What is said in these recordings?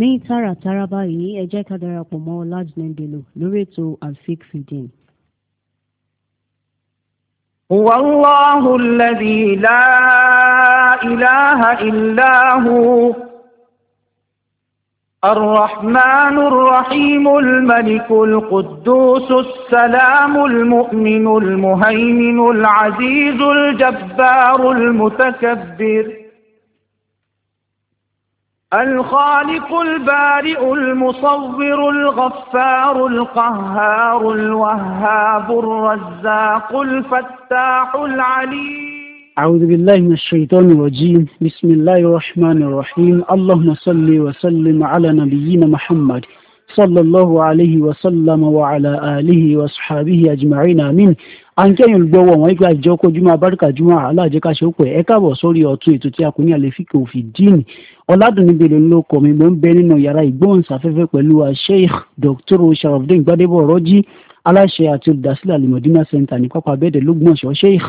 ní tààràtàrà báyìí ẹ jẹ́ ká darapọ̀ mọ́ large Ọlájídé Bello lórí ètò alfik fìdín. هو الله الذي لا إله إلا هو الرحمن الرحيم الملك القدوس السلام المؤمن المهيمن العزيز الجبار المتكبر الخالق البارئ المصور الغفار القهار الوهاب الرزاق الفتاح العليم أعوذ بالله من الشيطان الرجيم بسم الله الرحمن الرحيم اللهم صل وسلم على نبينا محمد صلى الله عليه وسلم وعلى آله وصحبه أجمعين آمين àǹkẹ́yìn olùgbọ́wọ́ wọn ìgbà ìjọ kojúmọ́ abáríkà jùmọ̀ aláàjẹká ṣe ó pẹ́ ẹ káàbọ̀ sórí ọ̀tún ètò tí a kò ní àlè fíkè òfin díìnì ọ̀làdùnní bèrè ló kọ̀ mí mò ń bẹ nínú yàrá ìgbóhùnsáfẹ́fẹ́ pẹ̀lú sheikh dr sharafdin gbadebo ọ̀rọ̀jì aláṣẹ àti olùdásílẹ̀ alimọ̀dínà center ní pápá abẹ́ẹ̀dẹ̀ lọ́gbọ̀nsọ̀ sheikh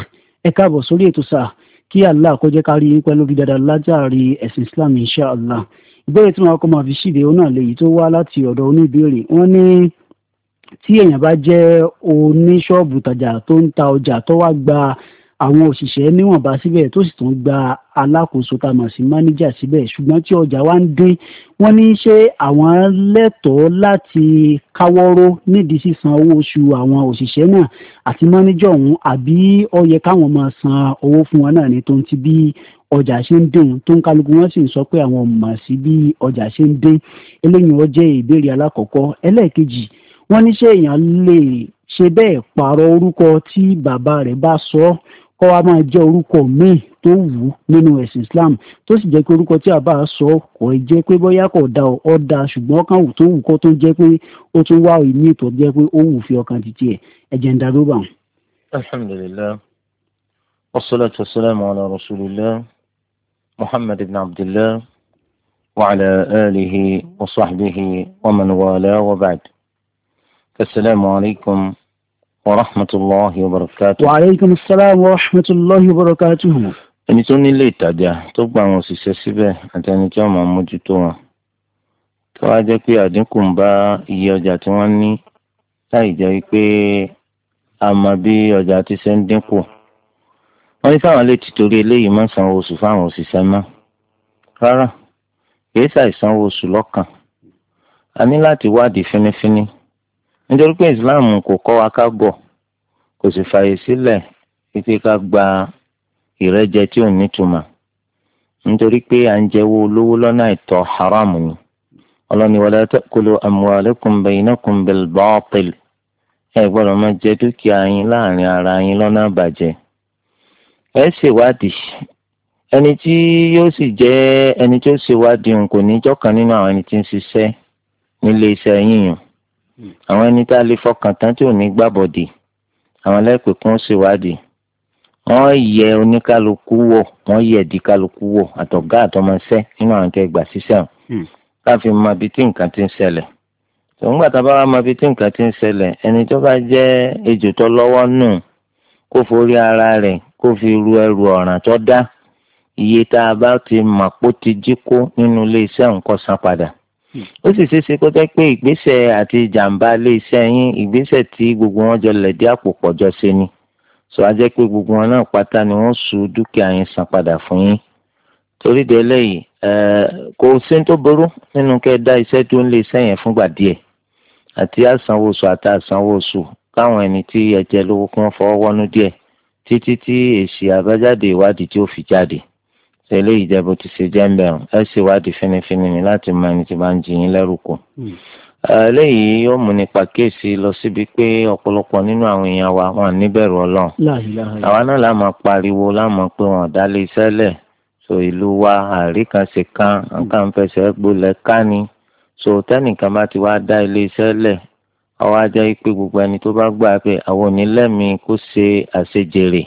ẹ káàbọ̀ sórí ètò sáà kí allah kó jẹ́ ká rí yín pẹ̀lú bí dáadáa látàrí ẹ̀sìn islam inshallah ìbéèrè tí wọn kọ́ máa fi ṣíde òun náà lèyí tó wá láti ọ̀dọ̀ oníbèrè wọn ní tí èèyàn bá jẹ́ oníṣọ́ọ̀bù tàjà tó ń ta ọjà tó wá gba àwọn òṣìṣẹ́ níwọ̀nba síbẹ̀ tó sì tún gba alákòóso tá a mọ̀ sí mánéjà síbẹ̀ ṣùgbọ́n tí ọjà wa ń dín wọ́n ní ṣé àwọn lẹ́tọ̀ọ́ láti káwọ́rọ́ nídìí sísan owó oṣù àwọn òṣìṣẹ́ náà àti mánéjà ọ̀hún àbí ó yẹ káwọn máa san owó fún wọn náà ní tó ń ti bí ọjà ṣe ń dín tó ń kálukú wọn sì ń sọ pé àwọn mọ̀ sí bí ọjà ṣe ń dín eléyìí ó jẹ́ ìbéèrè alákọ̀ọ́kọ́ ẹlẹ́ẹ̀kejì wọ́n ní ṣé èèyàn lè ṣe bẹ́ẹ̀ pààrọ̀ orúkọ tí bàbá rẹ̀ bá sọ ọ́ kọ́ wa máa jẹ́ orúkọ míì tó wù ú nínú ẹ̀sìn islam tó sì jẹ́ pé orúkọ tí àbá sọ kò jẹ́ pé bóyá kò da ọ́ da ṣùgbọ́n ọkàn wù tó wù kó tó jẹ́ pé ó tún wá ìní ìtọ́ jẹ́ pé ó wù fi ọkàn títí ẹ̀ ẹ̀jẹ̀ ń darú bá wọn. alhamdulilayi wasalaatu wasalaamu ala rasulillah muhammad ibn abdillah wa ala alihi wa sahbihi wa man wala wa ba'd. asalaamu alaykum. ورحمة الله وبركاته وعليكم السلام ورحمة الله وبركاته ẹni tó nílé ìtajà tó gba àwọn òṣìṣẹ́ síbẹ̀ àti ẹni tí wọ́n máa mójútó wọn tó wá jẹ́ pé àdínkù ń bá iye ọjà tí wọ́n ní láì jẹ́ pé a mọ bí ọjà ti ṣe ń dínkù wọ́n ní sáwọn lè ti torí eléyìí máa sanwó oṣù fáwọn òṣìṣẹ́ mọ́ rárá kìí ṣàìsanwó oṣù lọ́kàn a ní láti wádìí fínífíní. nítorí pé islam kò kọ́ wa ká gọ̀ kò sì fààyè sílẹ̀ pípé ká gba ìrẹ́jẹ tí ò nítumọ̀ nítorí pé à ń jẹ́wọ́ olówó lọ́nà ìtọ́ haram ni ọlọ́ni kolo ta'kulu amwalakum bainakum bil batil ẹ gbọ́dọ̀ máa jẹ dúkìá yín láàrin ara yín lọ́nà àbàjẹ́ ẹ ṣèwádìí ẹni tí yóò sì jẹ́ ẹni tí ó ṣèwádìí kò ní jọ́kan nínú àwọn ẹni tí àwọn ẹni tá a lè fọkàn tán tí ò ní gbàbọ̀dì àwọn lẹ́pẹ̀ kún ṣèwádìí wọ́n yẹ oníkálukú wò wọ́n yẹ di kálukú àtọ̀gá àtọmọṣẹ́ nínú àwọn tẹ́ gbà síṣẹ́ ọ̀ hmm. mọ ibi tí nǹkan ti ń ṣẹlẹ̀ tòǹgbà tá a bá wà mọ ibi tí nǹkan ti ń ṣẹlẹ̀ ẹni tó bá jẹ́ ejò tó lọ́wọ́ nù kó forí ara rẹ̀ kó fi ru ẹrù ọ̀ràn tó dá iye tá a bá ti mọ̀ pó ti jí kó nínú ilé iṣẹ́ nǹkan san padà ó sì ṣeé ṣe kó jẹ́ pé ìgbésẹ̀ àti ìjàmbá ilé iṣẹ́ yín ìgbésẹ̀ tí gbogbo wọn jọ lẹ̀dí àpò pọ̀ jọ ṣe ni sọ á jẹ́ pé gbogbo wọn náà pátá ni wọ́n su dúkìá yín san padà fún yín torí de eléyìí kò sí tó burú nínú kẹ́ ẹ dá iṣẹ́ tó ń lé iṣẹ́ yẹn fúngbà díẹ̀ àti àsanwóṣù àti àsanwóṣù káwọn ẹni tí ẹ̀jẹ̀ lówó kún fọwọ́ wọnú díẹ̀ títí tí èsì àbájáde ìwádìí tí ó fi jáde tẹ̀lé ìjẹ́bù ti ṣe jẹ́ńbẹ̀ ẹ sì wádìí fínífíní ni láti mọ ẹni tí bá ń jiyín lẹ́rù kù. Hmm. eléyìí yóò mú ní pàkíyèsí lọ síbi pé ọ̀pọ̀lọpọ̀ nínú àwọn èèyàn wa wọn níbẹ̀rù ọlọ́run. àwa náà la máa pariwo la máa pé wọn dálé iṣẹ́ lẹ̀ so ìlú wa àríkànṣe kan nǹkan fẹsẹ̀ gbolẹ̀ ká ni so tẹ́nìkan bá ti wá dá ilé iṣẹ́ lẹ̀ ọwọ́ ajá yìí pé gbogbo ẹni tó bá gbà pé àwọn onílẹ̀mí kó ṣe àṣejèrè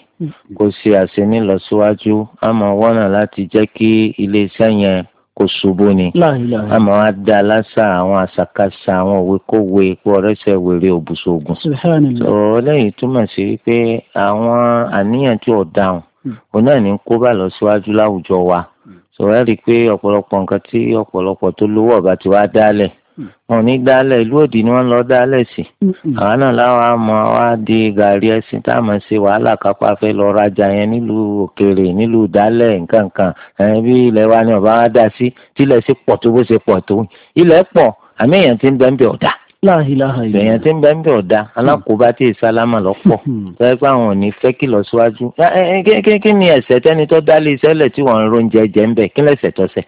kó ṣe àṣemí lọ síwájú a máa wọ́nà láti jẹ́ kí iléeṣẹ́ yẹn kò ṣubú ni a máa wá dá lásà àwọn àṣàkáṣà àwọn òwe-kòwe pé ọ̀rẹ́sẹ̀ wèrè òbùṣogun. sọ̀rọ̀ lẹ́yìn túmọ̀ sí wípé àwọn àníyàn tí ò dáhùn òun náà ní kó bá lọ láwùjọ wa hmm. sọ̀rọ̀ ẹ̀ rí i pé ọ̀pọ̀lọpọ̀ nǹkan tí ọ̀pọ̀lọpọ̀ tó lówó ọ̀gá ti wá dálẹ̀ wọn ò ní dálẹ̀ ìlú òdì ni wọ́n lọ dálẹ̀ sí àwa náà láwọn àmọ́ wa di gàrí ẹ̀sìn tá a mọ̀ sí wàhálà kápá fẹ́ lọ rajà yẹn nílùú òkèèrè nílùú dálẹ̀ nǹkankan ẹ̀yìn bí ilẹ̀ wa ni ọba wa dá sí tílẹ̀ sí pọ̀ tó bó ṣe pọ̀ tó ilẹ̀ pọ̀ àmì èèyàn ti ń bẹ́ẹ̀ bẹ́ẹ̀ ọ̀dà èèyàn ti ń bẹ́ẹ̀ bẹ́ẹ̀ ọ̀dà alákòóbá tí ìsálámà lọ pọ̀ fẹ́ pé àwọn ò ní fẹ́ kí lọ síwájú kí ni ẹ̀ṣẹ̀ tẹ́ni tó dálé iṣẹ́ lẹ̀ tí wọ́n ń ronjẹ jẹ́ ń bẹ̀ kí lẹ́sẹ̀ tọ́sẹ̀.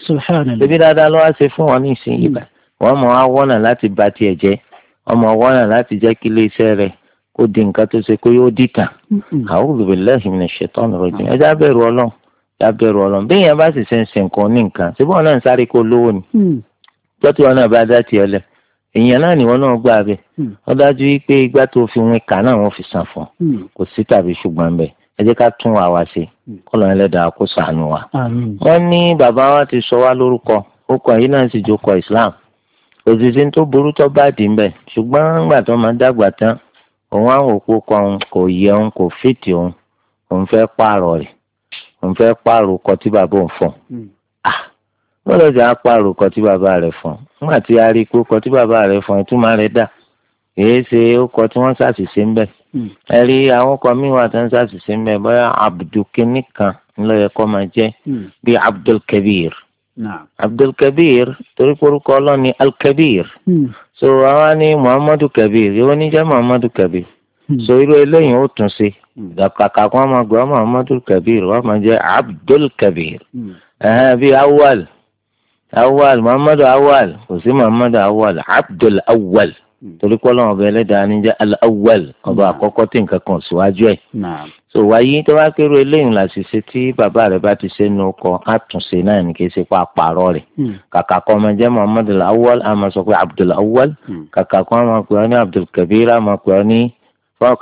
ṣebí dáadáa ló wá ṣe fún wọn ní ìsinyìí báyìí wọ́n mọ̀ á wọ́nà láti ba tiẹ̀ jẹ́ ọmọ wọ́nà láti jẹ́ kí iléeṣẹ́ rẹ̀ kó di nǹkan tó ṣe pé yóò dìkà a'udhu billahi minash shaitani rajim ẹ jábẹ̀rù ọlọ́run jábẹ̀rù ọlọ́run bí èèyàn bá sì ṣe ń ṣe nǹkan ní nǹkan ṣé bọ́ọ̀ náà ń sáré kó lówó ni tọ́tí mm. wọn náà bá dá tiẹ̀ lẹ̀ èèyàn náà ni wọn náà gbà bẹ ọ mm. dájú pé ìgbà tó fi wọn kà náà wọn fi san fún mm. kò sí tàbí ṣùgbọ́n bẹ́ẹ̀ ẹ jẹ́ ká tún wa wá sí kọ́lọ̀ ẹlẹ́dàá kó ṣàánú wa. wọ́n ní bàbá wa ti sọ wá lórúkọ ó kọ Islam òṣìṣẹ́ tó burú tó bá dì í mbẹ̀ ṣùgbọ́n nígbà tó máa dàgbà tán òun àwọn òpó kan kò yẹ òun kò fìtì òun òun fẹ́ pààrọ̀ rẹ̀ òun fẹ́ pààrọ̀ kọ tí bàbá òun fọ̀ wọ́n hmm. lọ sí apààrọ̀ kọ tí bàbá rẹ̀ fọ̀ nígbà tí a rí i pé kọ tí bàbá rẹ̀ fọ̀ ìtumọ̀ rẹ̀ dà èyí ṣe ó kọ tí wọ́n ṣàṣìṣe ń hmm. ẹ rí àwọn ọkọ mi wà tó ṣàṣìṣe ń bẹ̀ abdulkini kan ńlọ yẹ kọ́ máa jẹ́ hmm. bíi abdulkabir. نعم عبد الكبير تريكور كولوني الكبير سو واني محمد الكبير يوني جا محمد الكبير سو يرو الين او تنسي دا كاكا ما محمد الكبير وا ما عبد الكبير اه بي اول اول محمد اول وسي محمد اول عبد الاول Hmm. torí pé ọlọ́run ọba ẹlẹ́dàá ní jẹ́ al-awwal ọba hmm. àkọ́kọ́ tí nǹkan kan síwájú ẹ̀. so wáyé tó bá kéré eléyìí làṣìṣe tí bàbá rẹ̀ bá ti ṣe nu ọkọ̀ àtúnṣe náà ní kí ṣe pa àpàrọ̀ rẹ̀. Hmm. kàkà kan máa jẹ́ muhammadu al-awwal sọ pé abdul awwal kàkà kan máa pè ọ́ ní abdul kabir a máa pè ní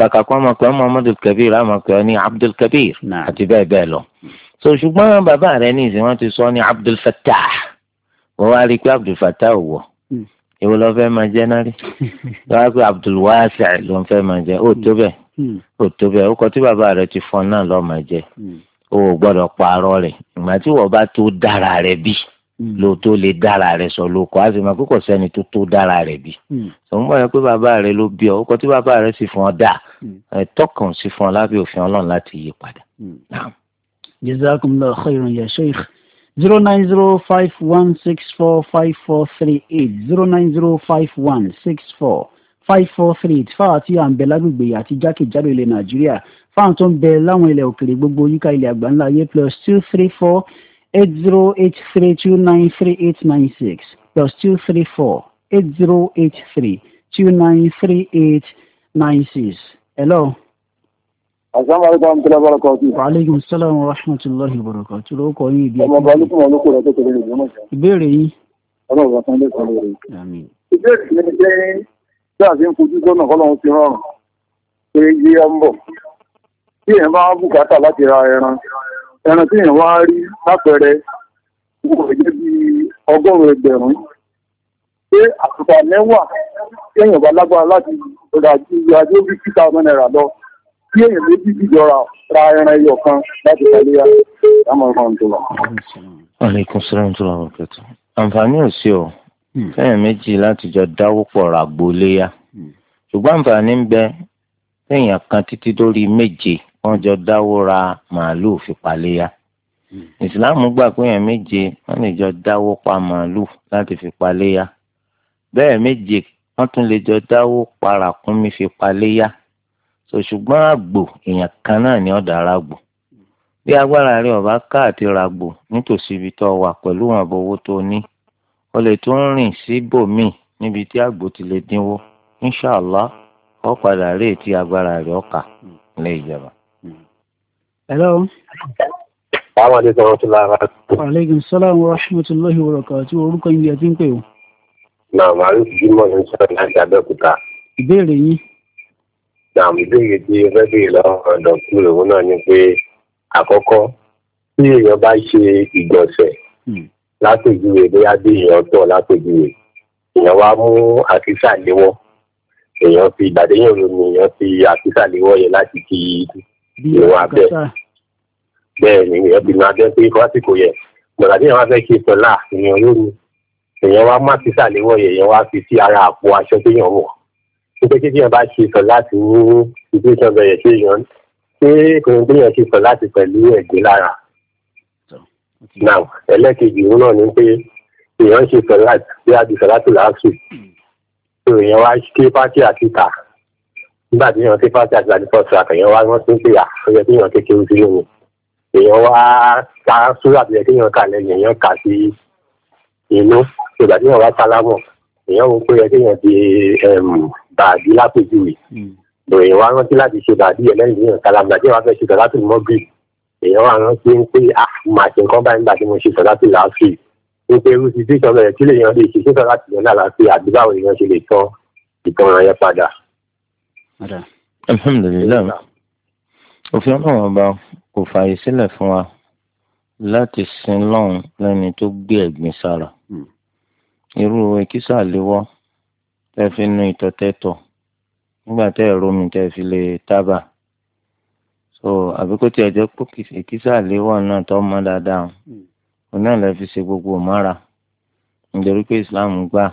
kàkà kan máa pè ọ́ muhammadu kabir a máa pè ní abdul kabir àti bẹ́ẹ̀ bẹ́ẹ̀ lọ. so ṣùgbọ́n bàbá rẹ̀ ní ìsìn wọn ti sọ ní abdul fattah wọ́n wá rí i pé abdul fattah ò wọ̀ èwo lọ fẹ́ máa jẹ́ náà rí lọ́wọ́ pé Abdulwasi ló ń fẹ́ máa jẹ́ ó tó bẹ́ẹ̀ hmm. Hmm. ó tó bẹ́ẹ̀ ó kọ tí bàbá rẹ ti fọ́n náà lọ́ọ́ máa jẹ́ hmm. o ò gbọ́dọ̀ parọ́ rẹ̀ ìgbà tí wọ́n bá tó dára rẹ bí lo tó lè dára rẹ sọ ló kọ àti màkú kò sẹ́ni tó tó dára rẹ bí sọmọ yẹn pé bàbá rẹ ló bí ọ ó kọ tí bàbá rẹ sì fún ọ dà ẹ̀tọ́ kan sì fún òfin Ọlọ́run láti yí padà. jazakumullahu khairan ya sheikh zero nine zero five one six four five four three eight zero nine zero five one six four five four three eight fáwọn tí à ń bẹ lágbègbè àti jákèjádò ilẹ̀ nàìjíríà fáwọn tó ń bẹ láwọn ilẹ̀ òkèèrè gbogbo yíká ilẹ̀ àgbáńlá ayé plus two three four eight zero eight three two nine three eight nine six plus two three four eight zero eight three two nine three eight nine six hello. Wàhálẹ́gùn sálàmù rahmatullahi bọ̀rọ̀kọ̀ tí ó kọ́ yìí bí i. Ọmọ balùkùn ọlọ́kọ̀ rẹ̀ tó tẹ̀lé lè mọ́. Ìbéèrè yìí. Ọlọ́run bá tán lẹ́kọ̀ọ́ lórí. Ìbéèrè mi ni pé tí a fi ń fojú sọ́nà kọ́lọ́run ti rọrùn pé yí ọ ń bọ̀. Tí èèyàn bá bùkátà láti ra ẹran, ẹran tí èèyàn wá rí lápẹẹrẹ kò jẹ́ bí ọgọ́rùn-ún Pé àtùpà mẹ́wàá tí èèyàn lágbára láti rà ju adé bí títà ọmọ náírà lọ kí èèyàn méjì dìjọra ra ẹran ẹyọ kan láti tẹ̀lé àmọ́ ìfọ̀n tó lọ. aleykum salaam tó lọ́wọ́ kẹtù. àǹfààní ò sí o fẹ́yìn hmm. méjì láti jọ dáwó pọ̀ rà gbóléyà hmm. ṣùgbọ́n àǹfààní ń bẹ fẹ́yìn kan títí dórí méje wọ́n jọ dáwó ra màálùú fi paléyà hmm. ìsìláàmù gbà pé èèyàn méje wọ́n lè jọ dáwó pa màálùú láti fi paléyà bẹ́ẹ̀ méje wọ́n tún lè jọ dáwó pa ràkúnmí fi paléyà. ṣùgbọ́n àgbò èèyàn kan náà ni ọ̀dà ara gbo bí agbára rẹ ọba ati ragbo nitosi nítòsí ibi tó wà pẹ̀lú ààbò owó tó ní o lè tún rìn níbi tí àgbò ti lè dínwó inṣàlá ọ padà agbára rẹ ọkà lè jẹba. ti lára. aleykum salaam wa rahmatulahi wa barakatuh orúkọ yìí ni ẹ ti ń pè o. màmá rí jimoh ní sọ̀rọ̀ láti abẹ́òkúta. ìbéèrè yín. àwọn ìbéèrè tí o fẹ́ béèrè lọ́wọ́ dọ̀kú òun náà ni pé àkọ́kọ́ tí èèyàn bá ṣe ìgbọ̀nsẹ̀ hmm. látòjúwe bóyá bí èèyàn tọ̀ látòjúwe èèyàn wá mú àkísà léwọ́ èèyàn fi ìgbàdéyàn lómi èèyàn fi àkísà léwọ́ yẹn láti fi ìwọ̀n abẹ́ bẹ́ẹ̀ ni èèyàn fi máa bẹ́ pé lásìkò yẹn gbọ̀dà tí èèyàn wá fẹ́ ṣe sọ́lá èèyàn lóru èèyàn wá mú àkísà léwọ́ yẹn èèyàn wá fi sí ara àpò aṣọ téèyàn wọ̀ ṣùgbọ́n kí èèyàn bá ṣe sọ láti ní situation bẹ̀rẹ̀ sí èèyàn ṣé kò ní gbìyànjú ṣe sọ láti pẹ̀lú ẹ̀gbẹ́ lára. now ẹlẹ́kejì òun náà ni pé èèyàn ṣe sọ láti bí a ti sọ láti làásù tó èèyàn wá ké pátí àti tà nígbà tí èèyàn ké pátí àti tà ní first track èèyàn wá wọ́n ti ń pèyà ó yẹ kí èèyàn kékeré sí lóhùn èèyàn wá ká sórí àbẹ̀yẹ kí èèyàn kà lẹ́yìn èèyàn kà sí inú ìgbà tí èèyàn wá sálámọ̀ èèyàn wò pé ẹ kéèyàn ti bàbí lápèjúwe èèyàn hmm. wa rántí láti ṣe bàbí ẹlẹ́yìn ìyẹn kàlàmùdà tí wàá fẹ́ ṣe sọ̀dátù mọ́gìrì èèyàn wa rántí ń pé ah màá ṣe nǹkan báyìí nígbà tí mo ṣe sọ̀dátù làásì ń pé irú títí sọ̀rọ̀ ẹ̀ kí lèèyàn lè ṣe sọ̀rọ̀ láti yọ̀ náà láti àbí báwo èèyàn ṣe lè tán ìtọ́ran yẹn padà. alhamdulilayi òfin ọlọ́run ọba kò fààyè sílẹ̀ fún wa láti sin lọ́run lẹ́ni tó gbé ẹ̀gbin sára hmm. irú ekisa àléwọ́ tẹ́ fi nu ìtọ̀ tẹ́ tọ̀ nígbà tẹ́ ẹ̀rọ mi tẹ́ fi lè tábà so àbí kó tiẹ̀ jẹ́ pé ìkísà léwọ̀ náà tọ́ mọ́ dáadáa hmm. òun náà lè fi ṣe gbogbo mọ́ra nítorí pé Islam gbà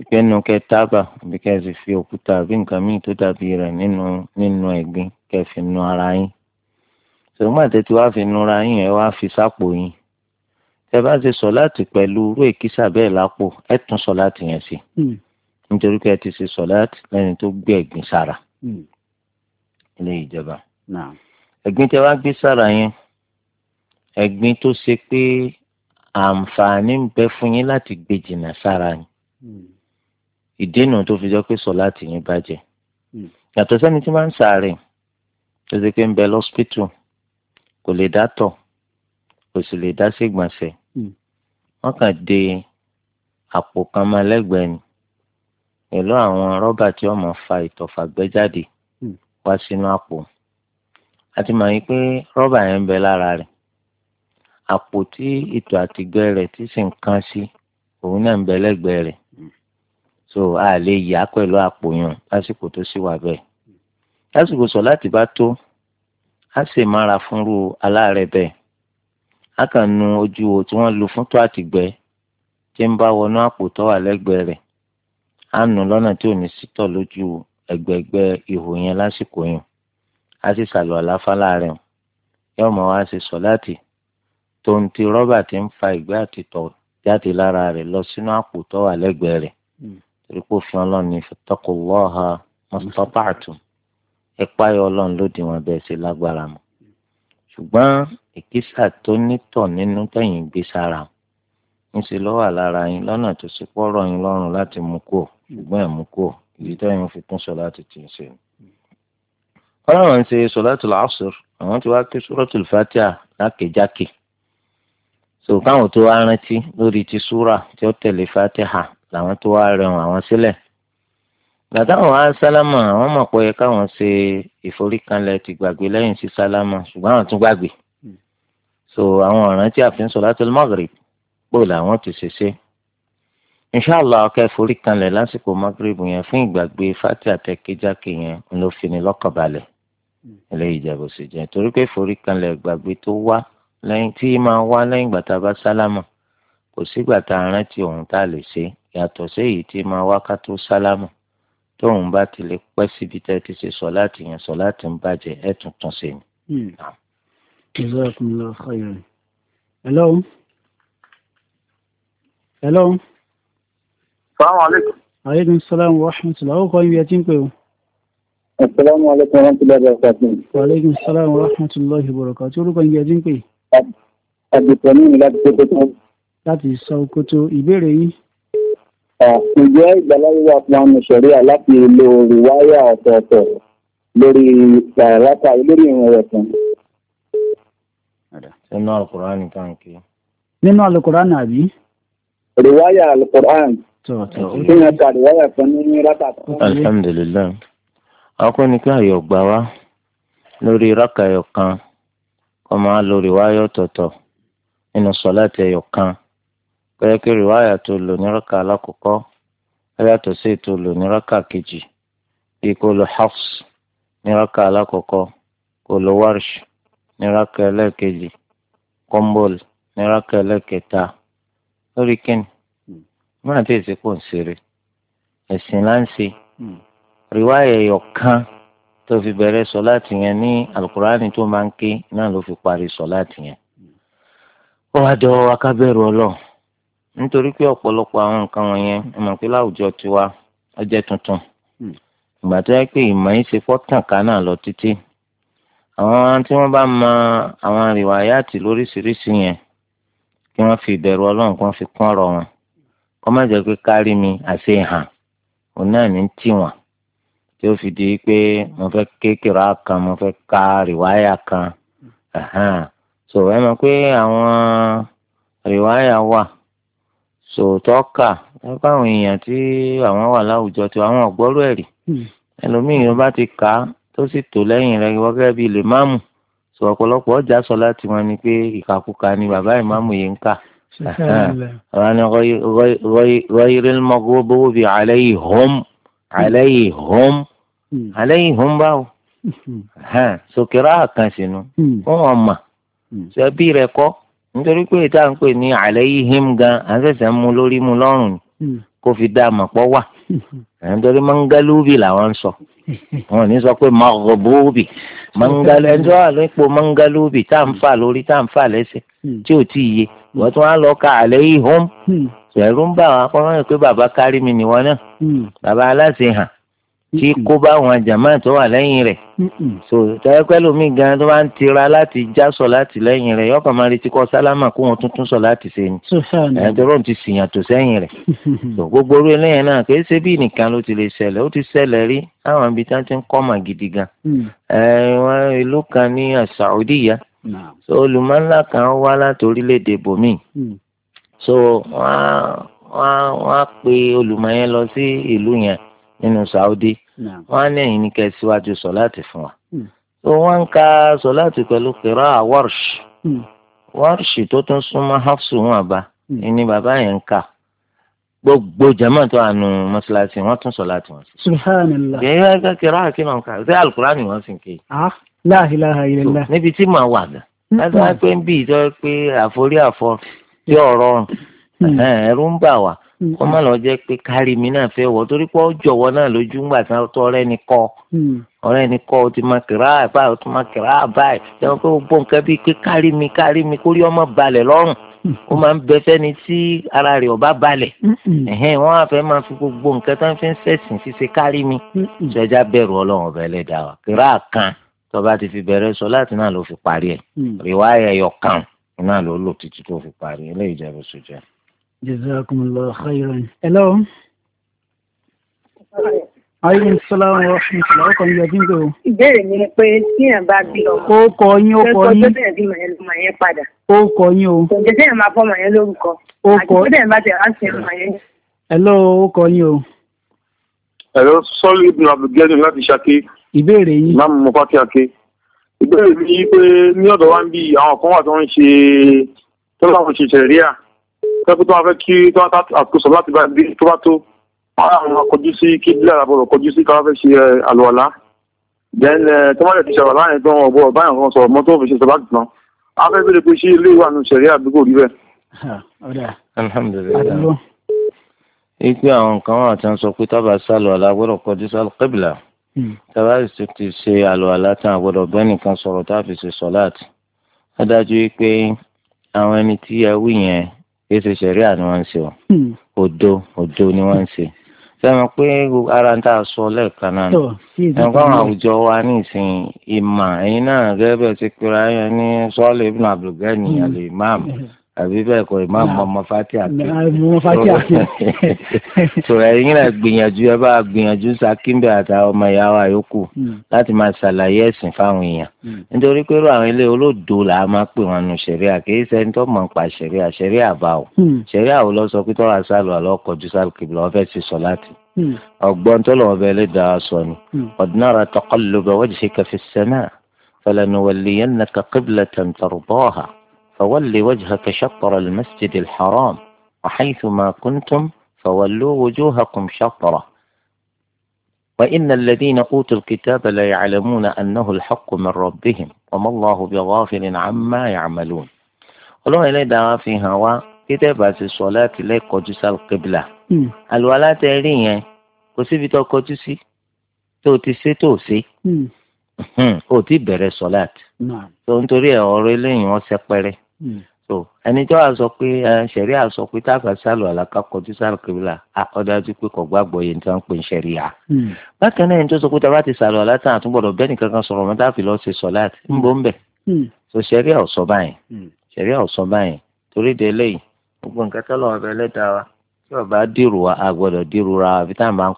ìpẹ́ nu kẹ́ tábà àbí kẹ́ sì fi òkúta àbí nǹkan míì tó dàbí rẹ̀ nínú nínú ẹ̀gbin kẹ́ fi nu ara yín sọgbọn àtẹtí wàá fi nura yín ẹ wàá fi sápò yín tẹ bá ti sọ láti pẹ̀lú irú èkísà bẹ́ẹ̀ lápò ẹ tún sọ láti yẹn sí nítorí pé ẹ ti ṣe sọ̀láàtì lẹ́ni tó gbé ẹ̀gbin sára ilé hmm. ìjọba. ẹ̀gbin tẹ wá gbé sára yẹn ẹ̀gbin tó ṣe pé àǹfààní ń bẹ fún yín láti gbé jìnnà sára yẹn hmm. ìdènà tó fi jọ pé sọ̀láàtì yẹn bàjẹ́ hmm. yàtọ̀ sẹ́ni tí máa ń sàárẹ̀ tó ṣe pé ń bẹ lọ́spítù kò lè dá tọ̀ kò sì lè dá ṣègbọ̀nsẹ̀ wọ́n kàn de àpò kan máa lẹ́gbẹ̀ẹ́ ni pẹ̀lú àwọn rọ́bà tí wọ́n mọ̀ fa ìtọ̀fàgbẹ́ jáde hmm. wá sínú àpò a ti mọ̀ yín pé rọ́bà yẹn ń bẹ lára rẹ̀ àpò tí ìtọ̀ àtìgbẹ́ rẹ̀ ti sì ń kán sí òun náà ń bẹ lẹ́gbẹ̀ẹ́ rẹ̀ hmm. so a lè yà á pẹ̀lú àpò yàn lásìkò tó sì wà bẹ́ẹ̀ hmm. lásìkò sọ láti bá tó a sì mára fúnru aláàárẹ̀ bẹ́ẹ̀ a kàn nu ojú wo tí wọ́n lu fún tó àtìgbẹ́ tí ń bá wọnú àpò tó wà lẹ́gbẹ̀ẹ́ rẹ̀ á nù lọ́nà tí ò ní sítọ̀ lójú ẹgbẹ̀ẹ̀gbẹ́ ihò yẹn lásìkò yẹn á sì sàlọ̀ àláfálà rẹ̀ yóò mọ̀ wá sí sọ̀láàtì tó ń ti rọ́bà tí ń fa ìgbẹ́ àtìtọ̀ jáde lára rẹ̀ lọ sínú àpò tó wà lẹ́gbẹ̀ẹ́ rẹ̀ hmm. torí pé òfin ọlọ́run ní fattaqullaha mastata'tum ẹ páyọ ọlọ́run lóde wọn bẹ́ẹ̀ ṣe lágbára mọ́ ṣùgbọ́n ìkísà tó nítọ̀ nínú tẹ̀yìn gbé sára wọn ńṣe ló wà lára yín lọ́nà tó ṣe pọ́rọ̀ yín lọ́rùn láti mú kó ṣùgbọ́n ẹ̀ mú kó èyí tẹ́yìn fi kún sọ̀láàtì tí ń ṣe ni. ọlọ́run ṣe sọ̀láàtì làásùr àwọn ti wá ké suratul Fatiha lákèjákè so káwọn tó wá rántí lórí ti súrà tí ó tẹ̀lé Fatiha làwọn tó wá rẹun àwọn sílẹ̀ gbàdáwọn á sálámà àwọn mọ̀ pé káwọn ṣe ìforíkanlẹ̀ ti gbàgbé lẹ́yìn sí sálámà ṣùgbọ́n àwọn tún gbàgbé so àwọn ọ̀ràn tí a fi ń bó làwọn ti ṣe ṣe inṣàlá ọkẹ forí kanlẹ̀ lásìkò magreb yẹn fún ìgbàgbé fati àtẹkéjáke yẹn ló fi ní lọ́kànbalẹ̀ eléyìí ìjẹbù sì jẹ torí pé forí kanlẹ̀ ìgbàgbé tó wá lẹ́yìn tí máa wá lẹ́yìn gbàtà bá sálámà kò sígbà tá a rántí ohun tá a lè ṣe yàtọ̀ séyìí tí máa wá ká tó sálámà tóun bá ti lè pẹ́ síbi tẹ́ ti ṣe sọ láti yẹn sọ láti ń bàjẹ́ ẹ̀ tuntun sí ni. ẹ hmm. lọ́wọ́ hello. salaamu aleykum. aleykum salaam wa rahmatulah ó kọ́ ibi ẹ ti ń pè o. asalaamu aleykum wa rahmatulah barakatu. wa aleykum salaam wa rahmatulah barakatu orúkọ ibi ẹ ti ń pè. àdìpọ̀ ní ìlà tó tó tó. láti Sókótó ìbéèrè yìí. ǹjẹ́ ìgbàláyé wà fún àwọn ìṣẹ̀ríà láti lo rìwáyà ọ̀tọ̀ọ̀tọ̀ lórí ràràtà lórí ìrìn rẹ̀ kan? nínú àlùkùránì kan kì í. nínú àlùkùránì àbí rìwáyà alukur'an kí ni ká rìwáyà kan ní rákà kan. alhamdulilayi akọ́ ni pé àyọ̀ gbà wá lórí rákà ẹyọ kan kọ́ máa lo rìwáyà ọ̀tọ̀ọ̀tọ̀ nínú sọ̀láàtì ẹyọ kan pẹ́ẹ́ kí rìwáyà tó lò ní rákà alákọ̀ọ́kọ́ yàtọ̀ sí ètò lò ní rákà kejì bí kò lo hafs ní rákà alákọ̀ọ́kọ́ kò lo warsh ní rákà ẹlẹ́ẹ̀kejì kọ́mbọ̀l ní rákà ẹlẹ́ẹ̀kẹta. lórí kíni mọ́nà hmm. tí èsì kò ń ẹ̀sìn là ń ṣe hmm. rìwáyà tó fi bẹ̀rẹ̀ yẹn ní alukurani tó máa ń ké náà ló fi parí yẹn. ó wá dọ̀ akábẹ́rù ọlọ́ọ̀ nítorí pé ọ̀pọ̀lọpọ̀ àwọn nǹkan wọ̀nyẹn ọmọ tiwa tuntun hmm. ìgbà tó yẹ pé ìmọ̀ yìí ṣe fọ́tàn ká náà lọ títí àwọn tí wọ́n bá mọ àwọn kí wọ́n fi ìbẹ̀rù ọlọ́run kí wọ́n fi kún ọ̀rọ̀ wọn kọ́ má jẹ́ pé kárí mi àṣẹ hàn òun náà ní tì wọ́n tí ó fi di pé mo fẹ́ kékeré kan mo fẹ́ ka rìwáyà kan so ẹ mọ̀ pé àwọn rìwáyà wà sòótọ́ kà ẹ bá àwọn èèyàn tí àwọn wà láwùjọ tí àwọn ọ̀gbọ́rú ẹ̀rí hmm. ẹlòmíì ló bá ti kà á tó sì tò lẹ́yìn rẹ̀ wọ́gẹ́ bíi lè máàmù sọ ọ̀pọ̀lọpọ̀ ọjà sọ láti wọn ni pé ìkàkùkà ni bàbá ìmáàmù yìí ń kà àwọn ni rọ́yìrì mọ́gòbówó bíi àlẹ́yìí hóm àlẹ́yìí hóm àlẹ́yìí hóm báwo sòkèrè àkànṣe nu wọn wọn mà ṣẹbi rẹ kọ nítorí pé ìta ń pè ní àlẹ́yìí hím gan àṣẹṣẹ mú lórí mu lọ́rùn hmm. kó fi dá àmọ̀pọ̀ wà hmm. nítorí mangalubi làwọn ń sọ wọn ò ní sọ pé mọ́gòbówó bíi mangalu ẹni tó wà nípò mangalu bíi tá à ń fà lórí tá à ń fà lẹ́sẹ̀ hmm. tí ò tí ì yé wọ́n tún wá lọ ka àlẹ́ yìí hóm hmm. ẹ̀rú ń bà wá kọ́ mọ́ pé bàbá kárí mi nìwọ náà hmm. bàbá aláṣẹ hàn tí kó bá àwọn jàmáà wà lẹ́yìn rẹ̀ so tọ́yẹ pẹ́lú mi gan tó bá ń tira láti já sọ láti lẹ́yìn rẹ̀ yọkàn máa retí kọ́ sálámà kó wọn tuntun sọ láti ṣe ni ẹ̀ tó rọrùn ti sìyàn tó sẹ́yìn rẹ̀ so gbogbo orí ẹlẹ́yìn náà kì í ṣe bí nìkan ló ti lè ṣẹlẹ̀ ó ti ṣẹlẹ̀ rí àwọn ibi tí wọ́n ti ń kọ́ mà gidi gan mm. ẹ̀wọ̀n ìlú kan ní Saudi ya, so olùmọ̀lá kan wá láti orílẹ̀-èdè bòmí mm. so wọ́n á pe olùmọ̀ yẹn lọ sí ìlú yẹn nínú Saudi wọ́n á ní ẹ̀yin ní kẹ́ síwájú sọ̀láàtì fún wa. tó hmm. wọ́n ń ka sọ̀láàtì pẹ̀lú kẹrọ Warsh hmm. Warsh tó tún súnmọ́ hafsu wọn àbá hmm. ni bàbá yẹn ń kà gbogbo jama tó àánú mọ́ṣáláṣí wọ́n tún sọ̀láàtì wọn. subhanallah. bẹ́ẹ̀ yóò ká kẹrọ àkínà ń kà ṣé alukurani wọ́n sì ń ké. Ah, la ilaha illallah. níbi tí màá wà gan. láti wá pé ń bì í tọ́ pé àforí àfọ tí ọ̀rọ̀ ẹ̀rù ń bà wá. Hmm. kó má lọ jẹ́ pé kárí mi náà fẹ́ wọ̀ torí pé ó jọ̀wọ́ náà lójú ńgbà tí wọ́n tó ọ̀rẹ́ ni kọ́ hmm. ọ̀rẹ́ ni kọ́ ó ti máa kẹ̀rá báyìí ó ti máa kẹ̀rá báyìí jẹun pé gbogbo nǹkan bíi pé kárí mi kárí mi kórí ọmọ balẹ̀ lọ́rùn hmm. ó máa ń bẹ fẹ́ni tí ara rẹ̀ ọba balẹ̀ wọ́n á fẹ́ máa fi gbogbo nǹkan tó ń fi sẹ̀sìn fi kárí mi ṣẹjá bẹ̀rù ọlọ́run ọ̀bẹ ẹlẹ́dàá wa kẹ̀rá kan tọ́ba ti fi bẹ̀rẹ̀ sọ láti náà ló fi parí ẹ̀ rìwáyà ẹ̀yọ̀ kan náà ló lò títí tó fi parí eléyìí jẹ́ bó ṣe jazakumullahu khairan. hello. aleykum salaam wa rahmatulah ọkọ yín ọdún gbòò. ìbéèrè mi ni pé tíyàn bá bí ọmọ. ó kọ yín ó kọ yín. lọ́sọ̀ọ́sọ̀ tí màá yẹn lọ́mọ yẹn padà. ó kọ yín o. kò jẹ́ sẹ́yìn máa fọ́mọ yẹn lórúkọ. ó kọ àti kó bá tẹ̀ wá sí ọmọ yẹn. hello ó kọ yín o. hello sọ́ọ́lì ibùdó abdulgani láti ṣáké. ìbéèrè yín. máa mú pátí àké. ìbéèrè mi ni pé ní ọ̀dọ̀ wa ń bí àwọn kan wà tó ń ṣe tó láwọn ṣe ṣẹ̀ríà tẹ́kù tó wọ́n fẹ́ kí tó wọ́n àkóso láti bá bí tó bá tó wọ́n àwọn kọjú sí kí bí àràbọ̀ kọjú sí káwọn fẹ́ ṣe àlùwàlá then tó wọ́n lè fi ṣàwàlá yẹn tó wọ́n bọ̀ báyìí wọ́n sọ̀rọ̀ mọ́ tó fi ṣe sọ̀rọ̀ láti tán afẹ́ bí pé ṣé ilé ìwà nù sẹ̀rí àdúgbò rí bẹ́ẹ̀. alhamdulilayi ipe àwọn nǹkan wà tí wọ́n sọ pé tábà sálùwàlá gbọ́dọ̀ kọjú sálù kébìlà tábà ti ṣe àlùwàlá tán àgbọ́dọ̀ bẹ́ẹ̀ nìkan sọ̀rọ̀ tá a fi ṣe sọ̀láàtì adájú pé àwọn ẹni tí ètò hmm. ìṣẹ̀ríà ni wọ́n ń ṣe o òdo òdo ni wọ́n ń ṣe sẹ́mi pé ara ń tà sọ lẹ́ẹ̀kan náà nǹkan àwùjọ wa ní ìsìn ìmọ̀ ẹ̀yin náà gẹ́gẹ́ bẹ́ẹ̀ ti pera ẹ̀yàn ní sọ́ọ̀lì ibùdó àbùgẹ́ni hmm. àlè ìmáàmù àbí bẹ́ẹ̀ kọ́ ìmáàmù ọmọ fatia kí ọmọ fatia kí sọ̀rọ̀ ẹ̀yin náà gbìyànjú ẹ bá gbìyànjú sakínbẹ̀ àtàwọn ọmọ ìyá wa hmm. láti máa ṣàlàyé ẹ̀sìn fáwọn èèyàn hmm. nítorí pé irú àwọn ilé olódo là á máa pè wọn nu ṣẹ̀ríà kì í ṣẹni tó mọ̀ ń pa ṣẹ̀ríà ṣẹ̀ríà bá o hmm. ṣẹ̀ríà ò lọ sọ pé tọ́wọ́ àṣàlù àlọ́ kọjú sálùkìbìlà ọ̀fẹ́ ti sọ láti ọgbọ́n tó lọ́wọ́ فول وجهك شطر المسجد الحرام وحيثما كنتم فولوا وجوهكم شطرة وإن الذين أوتوا الكتاب لا يعلمون أنه الحق من ربهم وما الله بغافل عما يعملون ولو إلي في هوا كتابة الصلاة لي قدس القبلة الولاة إليه كسي بتو قدسي توتسي توسي أو تبري صلاة نعم تنتري أوري لين وسيقبري Hmm. so ẹni tí wàá sọ pé ṣẹ̀rí à sọ pé táàbà sálọ àlàkà kọjú sálọ kébìlà ọ̀dájú pé kò gbàgbọ́ yẹn tí wọ́n ń pè ń ṣẹ̀rí à. Hmm. bákan náà ẹni tó sọ pé tábà ti sálọ àlàtà àtúngbọ̀dọ̀ bẹ́ẹ̀ nìkan kan sọ̀rọ̀ mọ́tà fi lọ́ọ́ ṣe sọ láti ń bọ́ ń bẹ̀. Hmm. so ṣẹ̀rí à ò sọ báyìí ṣẹ̀rí à ò sọ báyìí torí de eléyìí gbogbo nǹkan tó lọ́wọ́ bẹ wa tí a gbọ́dọ̀ dìrù ra wa bíi táwọn máa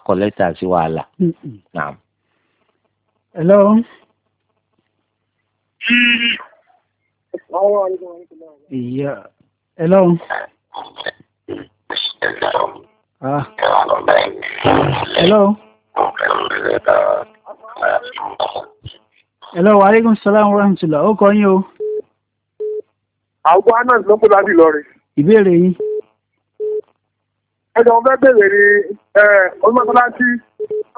ìyá ẹ lọ́hùn. hello. hello wa aleykum salaam wa rahmatulah ó kọ yín o. àwọn anas ló ń kúrò láti Ìlọrin. ìbéèrè yín. ẹjọ́ wọn fẹ́ bèèrè ní olùmọ̀sálásí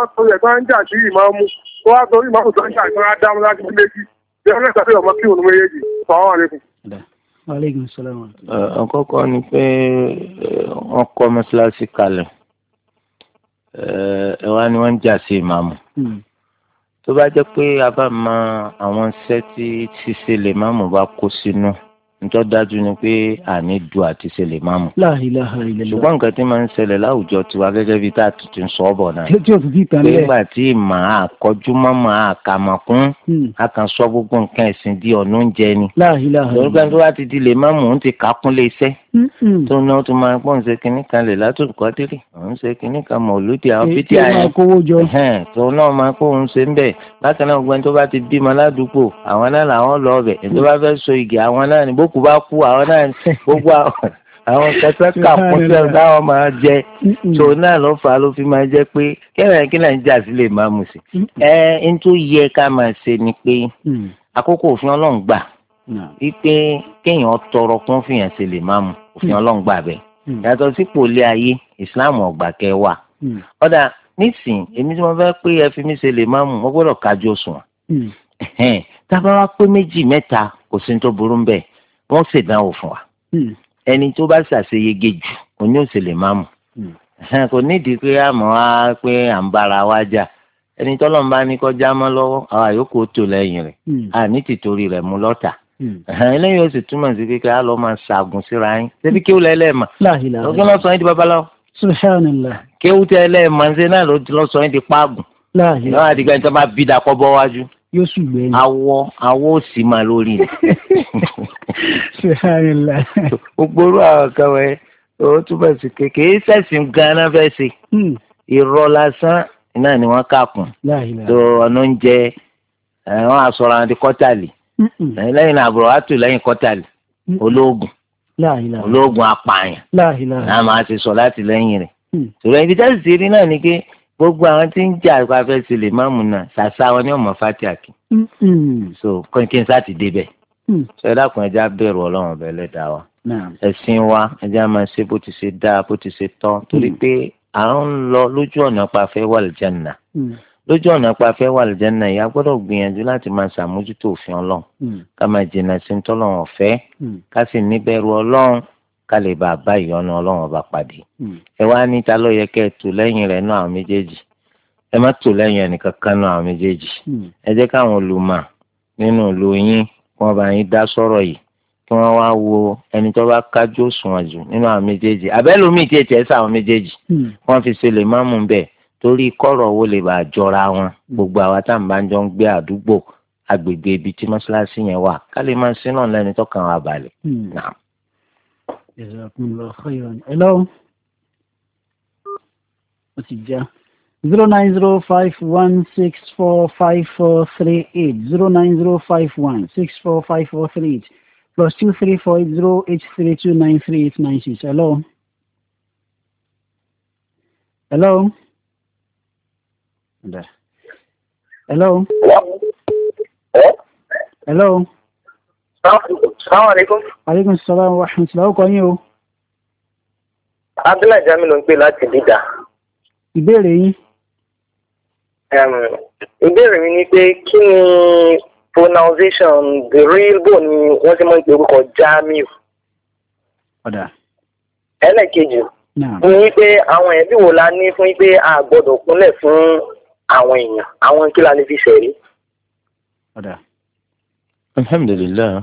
ọ̀sán rẹ̀ tó ń jà sí ìmáàmù tó wá sọ ìmáàmù tó ń jà sí ọ̀rá dáhùn láti méjì bí ọ̀rẹ́ ìsàfihàn ọmọ kí òun méjèèjì. Eh, àkọ́kọ́ ni pé eh, wọ́n kọ́ mọ́ṣáláṣí kalẹ̀ eh, ẹ wá ni wọ́n ń jà sí ìmáàmù hmm. tó bá jẹ́ pé a bá mọ àwọn iṣẹ́ tí ṣíṣe lè máàmù bá kó sínú. Si nítorí dájú ni pé àní du àti ṣe lè máa mú. ṣùgbọ́n nǹkan tí máa ń ṣẹlẹ̀ láwùjọ tiwa gẹ́gẹ́ bí tá a tuntun sọ ọ́ bọ̀ náà. lójú òtún ti tán lẹ̀. nígbà tí màá kọjú mọ́ màá kà mà kún hmm. a kàn sọ gbogbo nǹkan ẹ̀sìn di ọ̀nà oúnjẹ ni. lórí tó bá ti di lè máa mú un ti kà á kún lé iṣẹ́. Mm-hmm. tó ná tó máa pọ̀ ń ṣe kínní kan lè látòlù kọ́tìrì òun ṣe kínní kan mọ̀ lóde àwọn bídí àyè tó náà máa pọ̀ ń ṣe ń bẹ̀ bákan náà gbẹ́ni tó bá ti bímọ ládùúgbò àwọn náà làwọn lọ ọbẹ̀ ètò bá fẹ́ so igi àwọn náà ni bókù bá kú àwọn náà ni gbogbo àwọn kẹsẹ́ kà fún sẹ́wọ̀n táwọn máa jẹ tó náà ló fà á ló fi máa jẹ pé kẹ́rẹ̀ẹ́ kí nàìjíríà sì lè máa mú sí ẹ ń tó yẹ ká máa ṣe ni pé mm. àkókò òfin ọlọ́run gbà wípé kéèyàn tọrọ kún fìyàn ṣe lè má mu òfin hmm. ọlọ́run gbà bẹ́ẹ̀ hmm. yàtọ̀ sípò ilé ayé islam ọ̀gbà kẹwàá hmm. ọ̀dà nísìn èmi tí wọ́n fẹ́ pé ẹ fi mí ṣe lè má mu wọ́n gbọ́dọ̀ kájú òṣùwọ̀n tábà wá pé méjì mẹ́ta kò sí tó burú ń bẹ̀ wọ́n ṣèdánwò fún wa ẹni tó bá ṣàṣeyege jù òní ò sì lè má mu kò nídìí pé àmọ́ wá pé à ń bára wa jà ẹni tọ́lọ́mùbá ní kọjá mọ́ lọ́wọ́ àwọn àyókù ó lẹ́yìn rẹ̀ àní tìtorí rẹ̀ mú lọ́tà Hmm. eléyìí ó sì túmọ̀ sí pé kí á lọ máa ṣàgùn síra yín débi kí ó lẹ́ lẹ́ẹ̀mà lọ́gbọ́n lọ́sọ yín di babaláwo kí ó tẹ́ lẹ́ẹ̀mà ṣe náà lọ́sọ yín di páàgùn lọ́wọ́ àdìgbà yín tó bá bí dàpọ̀ bọ́ wájú yóò sì gbé ní. awọ awọ ò sì máa lórí rẹ. gbogbo àwọn kan wẹ o túbọ̀ sí kékeré sẹ̀sìn gan-an fẹ́ ṣe irọ́ hmm. lásán náà ni wọ́n kà kún tó ọ̀nà oúnjẹ wọ́n á sọ̀rọ̀ lẹ́yìn náà àbúrò àtò lẹ́yìn kọ́tàlì olóògùn olóògùn apààyàn náà máa ti sọ láti lẹ́yìn rẹ̀ mm. ṣùgbọ́n ibi táyì sí rí náà ni pé gbogbo àwọn tí ń jà afẹ́ sí lè má mú náà ṣàṣà wọn ní ọmọ fati àkì so kọ́ńkín sáti débẹ̀ ṣe mm. é dákun ẹja bẹ̀rù ọlọ́run ọbẹ̀ lẹ́dàá wa ẹ̀sìn wa ẹja máa ṣe bó ti ṣe dáa bó ti ṣe tán torí mm. pé à ń lọ lójú ọ̀nà pàfẹ́ wà lìjẹ́ nà lójú ọ̀nà pa fẹ́ wà lìjẹ́nà yìí a gbọ́dọ̀ gbìyànjú láti máa ṣàmójútó òfin ọlọ́run hmm. ká máa jìnnà sí tọ́lọ́run ọ̀fẹ́ hmm. ká sì níbẹ̀rù ọlọ́run ká lè bá a bá ìyọ́nú ọlọ́run ọba pàdé. Hmm. ẹ wá ní ta ló yẹ kẹ́ ẹ tò lẹ́yìn rẹ̀ náà àwọn méjèèjì ẹ má tò lẹ́yìn ẹnìkan kan náà àwọn méjèèjì ẹ jẹ́ káwọn olùmọ̀ nínú ìlú yín wọ́n bá yín dá sọ̀rọ̀ yìí kí wọ́n wá wo ẹni tó bá kájú òṣùwọ̀n jù nínú àwọn méjèèjì àbẹ́lómi tiẹ̀ tiẹ̀ sáwọn méjèèjì wọ́n fi ṣe lè má mú bẹ́ẹ̀ torí kọ́rọ̀ owó lè bàa jọra wọn gbogbo àwa tá à ń bá jọ ń gbé àdúgbò agbègbè ibi tí mọ́ṣáláṣí yẹn wà ká lè máa sínú lẹ́ni tó kàn wá balẹ̀. Hmm. hello ó ti já zero nine zero five one six four five four three eight zero nine zero five one six four five four three eight plus two three four eight zero eight three two nine three eight nine six hello. hello. Da. Hello. Hello. Hello. Salaamu aleykum. Aleykum salaam wa rahmatulah. Ó kọ yín o. Abdullahi Jamiu ló ń pè láti Dídà. Ìbéèrè yín. Ìbéèrè mi ni pé kí ni pronunciation the real bone ni wọ́n ti máa ń pe orúkọ Jamiu. Ọ̀dà. Ẹlẹ́kejì. Ní wípé àwọn ẹ̀bí wo la ní fún wípé a gbọ́dọ̀ kúnlẹ̀ fún àwọn èèyàn àwọn kí la lè fi ṣẹ̀rí. alhamdulilayi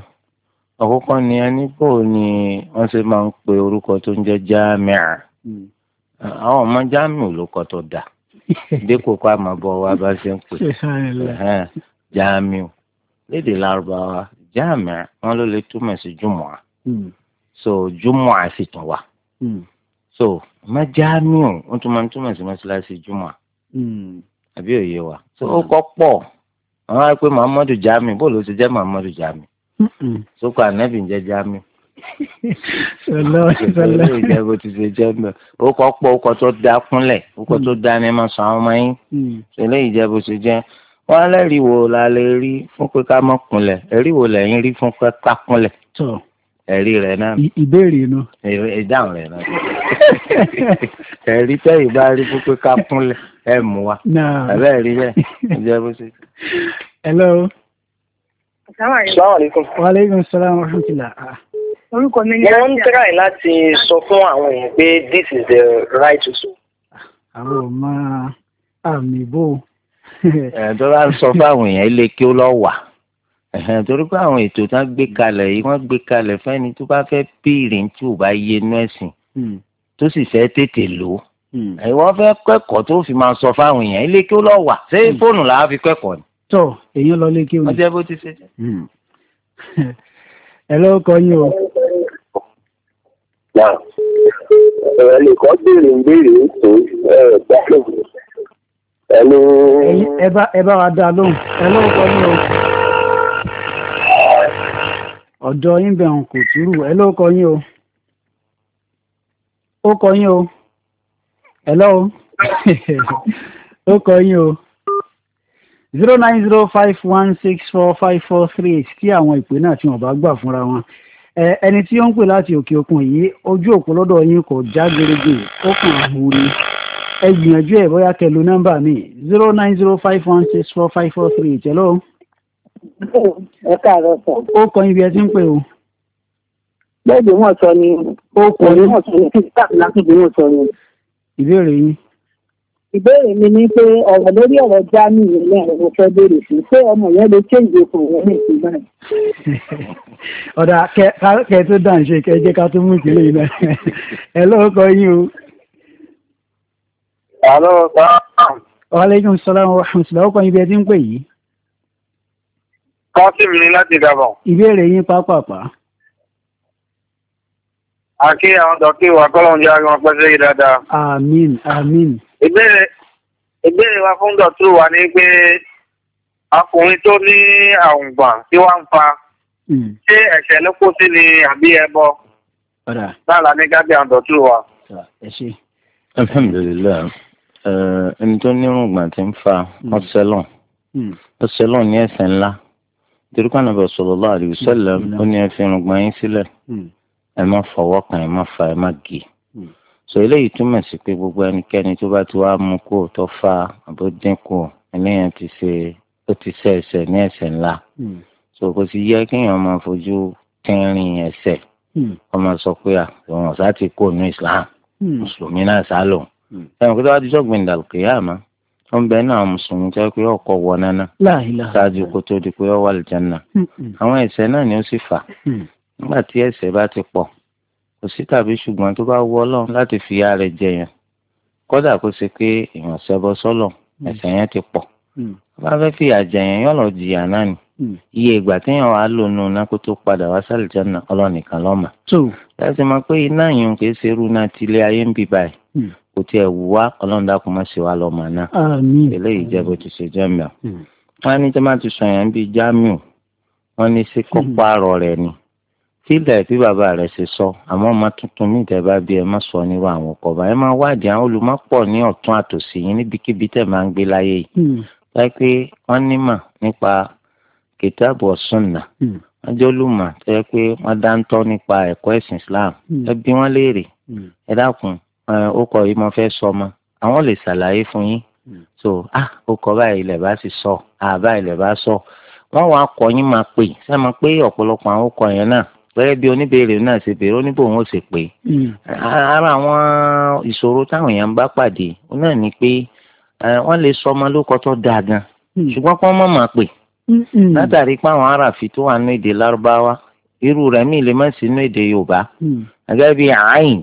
àkọ́kọ́ ni a ní kó ni wọ́n ṣe máa ń pe orúkọ tó ń jẹ́ jámẹ́à hmm. àwọn ọmọ jámẹ́à olùkọ́ tó dà dípò kó a máa bọ̀ wá bá ṣe ń pè jámẹ́à lédè lárúbáwá jámẹ́à wọn ló lè túmọ̀ sí jùmọ̀à hmm. so jùmọ̀à sì tún wà hmm. so mọ́jámẹ́à wọ́n tún máa ń túmọ̀ sí mọ́ṣáláṣí jùmọ̀à àbí òye wa tó ó kọ́ pọ̀ àwọn á pé muhammadu jami bó ló ti jẹ́ muhammadu jami sókò ànábì ń jẹ́ jami ìjẹ́bù ti ṣe jẹ́ mbẹ́ ó kọ́ pọ̀ ó kọ́ tó da kúnlẹ̀ ó kọ́ tó da ni máa àwọn ọmọ yín ṣẹlẹ̀ ìjẹ́bù ti jẹ́ wọ́n á lẹ́rìí wo la lè rí fún pé ká mọ̀ kúnlẹ̀ ẹ̀rí wo lẹ́yìn rí fún pé ká kúnlẹ̀ ẹ̀rí rẹ̀ náà. ìbéèrè inú. ìdáhùn rẹ̀ náà. ẹ̀rí tẹ́yìn bá rí pípé ká kúnlẹ̀ ẹ̀ mú wa. ẹ̀rẹ́ ẹ̀rí bẹ́ẹ̀ ǹjẹ́ bó ṣe. hello. salaamaleykum. waaleykum salaam wa ah. orúkọ mi ni àjà. wọ́n ń try láti sọ fún àwọn èèyàn pé this is the right to so. àwọn ò àmì bò. ẹ̀ ń sọ fún àwọn èèyàn ilé kí ó lọ wà ẹ̀hẹ̀n torí pé àwọn ètò tá gbé kalẹ̀ yìí wọ́n gbé kalẹ̀ fẹ́ni tó bá fẹ́ béèrè tí ò bá yé inú ẹ̀sìn hmm. tó sì fẹ́ tètè lò ó ìwọ hmm. fẹ́ kẹ́kọ̀ọ́ tó fi máa sọ fáwọn èèyàn ilé kí ó lọ wà ṣé hmm. fóònù làá fi kẹ́kọ̀ọ́ ni. tọ èyí lọ lé kí o ní. ọjọ́ bó ti yín o. ẹ̀rọ nìkan béèrè béèrè tó ẹ̀ lóhùn. ẹ bá wa dá lóhùn ẹ ló yín o ọ̀dọ̀ yín bẹ̀rùn kò túrú ẹ ló kọ yín o ó kọ yín o ẹ lọ́wọ́ ó kọ yín o zero nine zero five one six four five four three eight tí àwọn ìpè náà tí wọ́n bá gbà fúnra wọn ẹni tí ó ń pè láti òkè òkun yìí ojú òpó lọ́dọ̀ yín kò já gerege ó kàn án wúri ẹ gbìyànjú ẹ bóyá kẹlu nọ́mbà mi zero nine zero five one six four five four three eight hello. ẹ káàárọ̀ sọ. ó kọ ibi ẹ ń pè o. sọ ni o! kọ ni wọ́n sọ ni kí sáà sọ ni. ìbéèrè yín. ìbéèrè mi ni pé ọ̀rọ̀ lórí ọ̀rọ̀ jáàmù yìí náà mo fẹ́ béèrè sí pé ọmọ yẹn lè fún ní ọ̀dà kẹ tó dàn ṣe kẹ jẹ́ ká tó mú ìpínlẹ̀ yìí náà ẹ yín o. ọkọ ibi Kọ́sìmì ni láti Gabon. Ìbéèrè yín pápápá. Àkí àwọn dọ̀kí wà kọ́lọ́hún jẹ́ àwọn pẹ́sẹ́ yìí dáadáa. Àmín àmín. Ìbéèrè ìbéèrè wa fún dọ̀tú wa ni pé ọkùnrin tó ní àwùngbà tí wọ́n ń fa hmm. ṣé ẹ̀ṣẹ̀ ló kó sí ni àbí ẹbọ? Báàlà ní Gábí àwọn dọ̀tú wa. Alhamdulilayi, ẹni tó ní irùngbọ̀n ti ń fa hmm. ọ̀sẹ̀lọ̀ hmm. ọ̀sẹ̀lọ̀ ní ẹ̀ṣẹ̀ ńlá torí kan nàbẹ sallallahu alaihi wasallam ó ní ẹ fi irùngbọ̀n yín sílẹ̀ hmm. ẹ má fọwọ́ kan ẹ má fa ẹ má gé hmm. so eléyìí túmọ̀ sí pé gbogbo ẹnikẹ́ni tó bá ti wá mú kó tó fa àbó dínkù ẹlẹ́yìn ti ṣe ó ti ṣe ẹ̀ṣẹ̀ ní ẹ̀ṣẹ̀ ńlá hmm. so kò sì yẹ kéèyàn máa fojú tínrín ẹ̀ṣẹ̀ wọ́n sọ pé àwọn ọ̀sá ti kó nu Islam mùsùlùmí náà sálò ẹ̀wọ̀n tó bá ti sọ́gbìn dàlùkì yá àmọ́ wọn bẹ náà mùsùlùmí jẹ pé ọkọ wọ nánà ṣáájú kó tó di pé ọ wà lìjánà àwọn ẹ̀ṣẹ̀ náà ni ó sì fà mm. nígbà tí ẹ̀ṣẹ̀ bá ti pọ̀ kò sí tàbí ṣùgbọ́n tó bá wù Ọlọ́run láti fi ìyà rẹ̀ jẹyàn kódà kó ṣe pé èèyàn ṣẹbọ sọ́lọ̀ mm. ẹ̀ṣẹ̀ yẹn ti pọ̀ mm. bá fẹ́ fi ìyà jẹyàn yọ̀lọ̀ jìyà náà ni iye ìgbà téèyàn wàá lò nù náà kó tó padà wá sálìjánà Ọlọ́run nìkan ló mọ̀ láti mọ̀ pé iná yìí kì í ṣerú náà tilé ayé ń bì báyìí kò tiẹ̀ wù wá ọlọ́run dákun má ṣe wá lọ́mọ náà eléyìí jẹ́ bó ti ṣe jẹ́ mìíràn. Hmm. wọ́n á ní tí wọ́n ti sọ yẹn bíi jamiu wọ́n ní sí kọ́kọ́ àrọ̀ rẹ̀ ni tí ilẹ̀ bí bàbá rẹ̀ ṣe sọ àmọ́ ọmọ tuntun ní ìtẹ̀bá bí ẹ má sọ nírú àwọn ọkọ̀ bá ẹ má wádìí àwọn olùmọ̀pọ̀ ní ọ̀tún àtòsí yín níbikíbi tẹ̀ máa ń gbé láyé yìí láì hmm. pé wọ́n nímọ̀ nípa hmm. nípa Eh, ó kọ yìí mo fẹ́ sọ ma àwọn lè ṣàlàyé fún yín hmm. so ah ó kọ báyìí lè bá sì sọ ah báyìí lè bá sọ wọn wàá kọ yín máa pè ṣé máa pé ọ̀pọ̀lọpọ̀ àwọn ọkọ yẹn náà gẹ́gẹ́ bí oníbèrè náà ṣe bèrè oníbò wọn ò sì pé ara àwọn ìṣòro táwọn èèyàn bá pàdé náà ni pé eh, wọ́n lè sọ ọmọ lóko tó dáa gan hmm. ṣùgbọ́n kí wọ́n mọ̀ máa pè hmm. látàrí pé àwọn aráàfi tó wà ní èdè lárúbáwá irú rẹ̀ mí lè má sí ní èdè yorùbá gẹ́gẹ́ bí àáyìn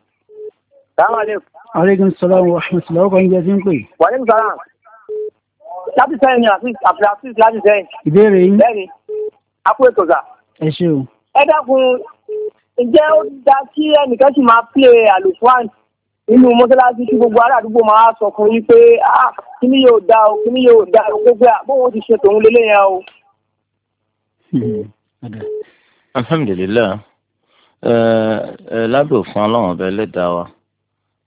Aleykum salaam wa rahmatulah. Ọkọ̀ ìjẹ́ sí ń pè. Wàlẹ́kùn salaam. Láti sẹ́yìn ni àfi àfíìsì láti sẹ́yìn. Ìbéèrè yín. Bẹ́ẹ̀ni, a kú ètò sà. Ẹ ṣe o. Ẹ dákun, ǹjẹ́ ó da kí ẹnìkan sì máa pè àlùfáàn nínú mọ́sálásí kí gbogbo ará àdúgbò máa sọ fún yín pé ah, kíní yóò da o, kíní yóò da o, gbogbo àbóhùn ti ṣe tòun lélẹ́yìn o. Hmm. Alhamdulilayi, lábẹ́ òfin ọlọ́run ọba ẹlẹ́dàá wa